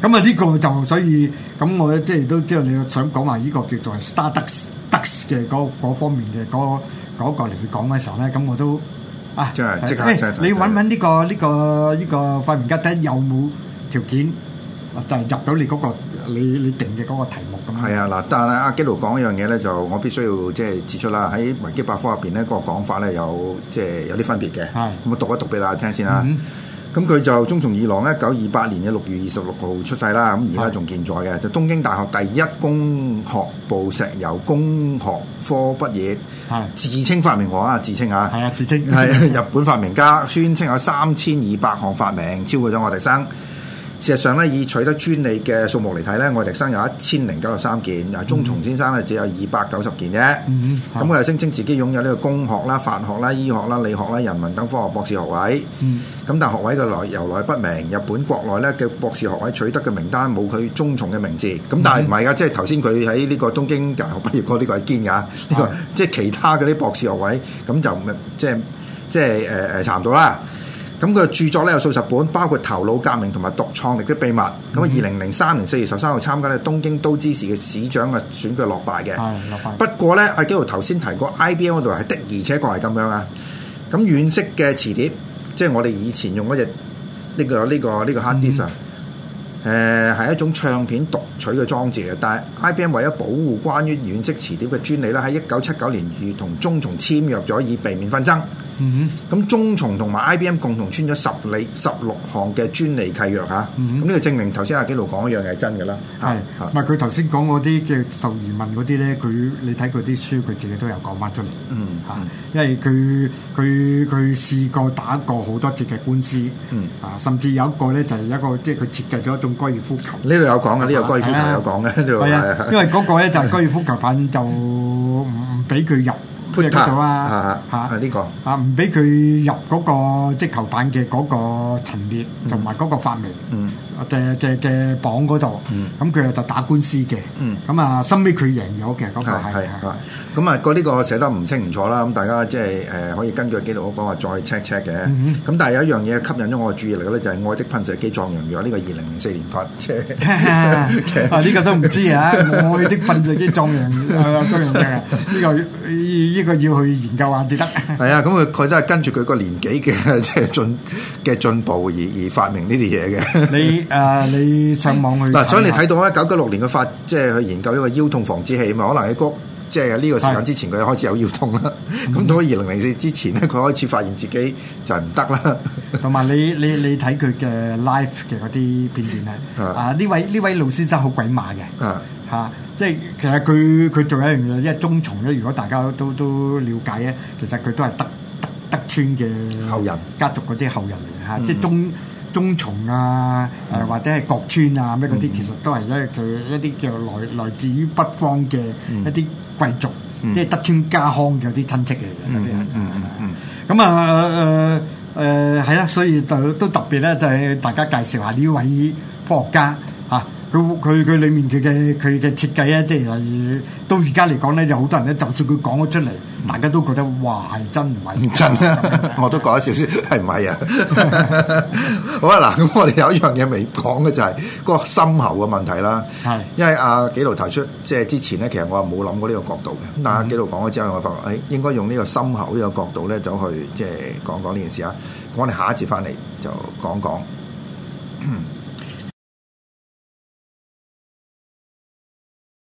咁啊，呢個就所以咁，我即係都即係你想講話呢個叫做係 Stardust 嘅嗰嗰方面嘅嗰嗰個嚟去講嘅時候咧，咁我都啊，即係，你揾揾呢個呢個呢個費爾吉德有冇條件就係入到你嗰個？你你定嘅嗰個題目咁啊？係啊，嗱，但係阿基勞講一樣嘢咧，就我必須要即係指出啦。喺維基百科入邊咧，個講法咧有即係有啲分別嘅。係咁是我讀一讀俾大家聽先啦、啊。咁佢、嗯嗯、就中松義郎，一九二八年嘅六月二十六號出世啦。咁而家仲健在嘅，是就東京大學第一工學部石油工學科畢業。係是自稱發明王啊，自稱啊。係啊，自稱。係日本發明家，宣稱有三千二百項發明，超過咗愛迪生。事實上咧，以取得專利嘅數目嚟睇咧，愛迪生有一千零九十三件，而中松先生咧只有二百九十件啫。咁佢又聲稱自己擁有呢個工學啦、法學啦、醫學啦、理學啦、人文等科學博士學位。咁、嗯嗯、但學位嘅來由來不明。日本國內咧嘅博士學位取得嘅名單冇佢中松嘅名字。咁但係唔係噶？即係頭先佢喺呢個東京大學畢業過呢個係堅㗎。呢個、嗯嗯嗯、即係其他嗰啲博士學位咁就即係即係誒誒差唔多啦。呃咁佢嘅著作咧有數十本，包括頭腦革命同埋獨創力嘅秘密。咁二零零三年四月十三號參加咧東京都知事嘅市長嘅選舉落敗嘅。嗯，落敗。不過咧，阿紀陶頭先提過，IBM 嗰度係的，而且確係咁樣啊。咁軟式嘅磁碟，即係我哋以前用嗰隻呢個呢、呢個呢、呢個呢個 hard disk 啊、嗯。誒、呃，係一種唱片讀取嘅裝置嘅，但係 IBM 為咗保護關於軟式磁碟嘅專利咧，喺一九七九年二月同中重簽約咗，以避免紛爭。嗯，咁中松同埋 IBM 共同穿咗十里十六項嘅專利契約吓，咁呢、嗯、哼個證明頭先阿基路講一樣係真噶啦，係吓是。咪佢頭先講嗰啲嘅受疑問嗰啲咧，佢你睇佢啲書，佢自己都有講翻出嚟，嗯吓，嗯，因為佢佢佢試過打過好多次嘅官司，嗯啊，甚至有一個咧就係一個即係佢設計咗一種高爾夫球，呢度、嗯、有講嘅，呢個高爾夫球有講嘅，係啊，因為嗰個咧就高爾夫球品就唔俾佢入。配合到啊吓吓，啊呢、啊啊這個啊唔俾佢入嗰個即球板嘅嗰個陳列同埋嗰個發明嗯。嗯嘅嘅嘅榜嗰度，咁佢就打官司嘅，咁啊、嗯，收尾佢贏咗嘅嗰個咁啊個呢個寫得唔清唔楚啦，咁大家即係誒可以根據紀錄嗰講話再 check check 嘅，咁、嗯嗯、但係有一樣嘢吸引咗我嘅注意力，咧，就係、是、愛的噴射機壯陽藥呢個二零零四年發，就是、 啊呢、 啊這個都唔知啊，愛的噴射機壯陽藥壯陽藥呢個呢、這個要去研究下至得，係啊，咁佢佢都係跟住佢個年紀嘅即係進嘅進步而而發明呢啲嘢嘅，你。 誒、啊，你上網去嗱、啊，所以你睇到咧，九九六年嘅法，即係去研究一個腰痛防止器啊嘛，可能喺、那個即係呢個時間之前佢是開始有腰痛啦。咁到二零零四之前咧，佢開始發現自己就係唔得啦。同埋你你你睇佢嘅 life 嘅嗰啲片段咧，嗯、啊呢位呢位老先生好鬼馬嘅，嚇、嗯啊，即係其實佢佢仲有一樣嘢，因為中崇咧。如果大家都都了解咧，其實佢都係德德德川嘅後人家族嗰啲後人嚟嘅嚇，即係中。嗯中崇啊，誒或者係國村啊，咩嗰啲其實都係因為佢一啲叫來來自於北方嘅一啲貴族，嗯、即係德川家康嘅啲親戚嚟嘅，嗰啲人。嗯嗯嗯。咁、嗯嗯、啊誒誒係啦，所以就都，都特別咧，就係大家介紹下呢位科學家嚇。啊佢佢佢裏面佢嘅佢嘅設計啊，即係到而家嚟講咧，有好多人咧，就算佢講咗出嚟，嗯、大家都覺得哇係真唔係真，我都講咗少少，係唔係啊？好啊嗱，咁我哋有一樣嘢未講嘅就係、是、個深喉嘅問題啦。係是，因為阿、啊、紀陶提出，即係之前咧，其實我係冇諗過呢個角度嘅。咁但係紀陶講咗之後，我發覺得誒、哎、應該用呢個深喉呢個角度咧走去即係講一講呢件事啊。咁我哋下一節翻嚟就講一講，一講。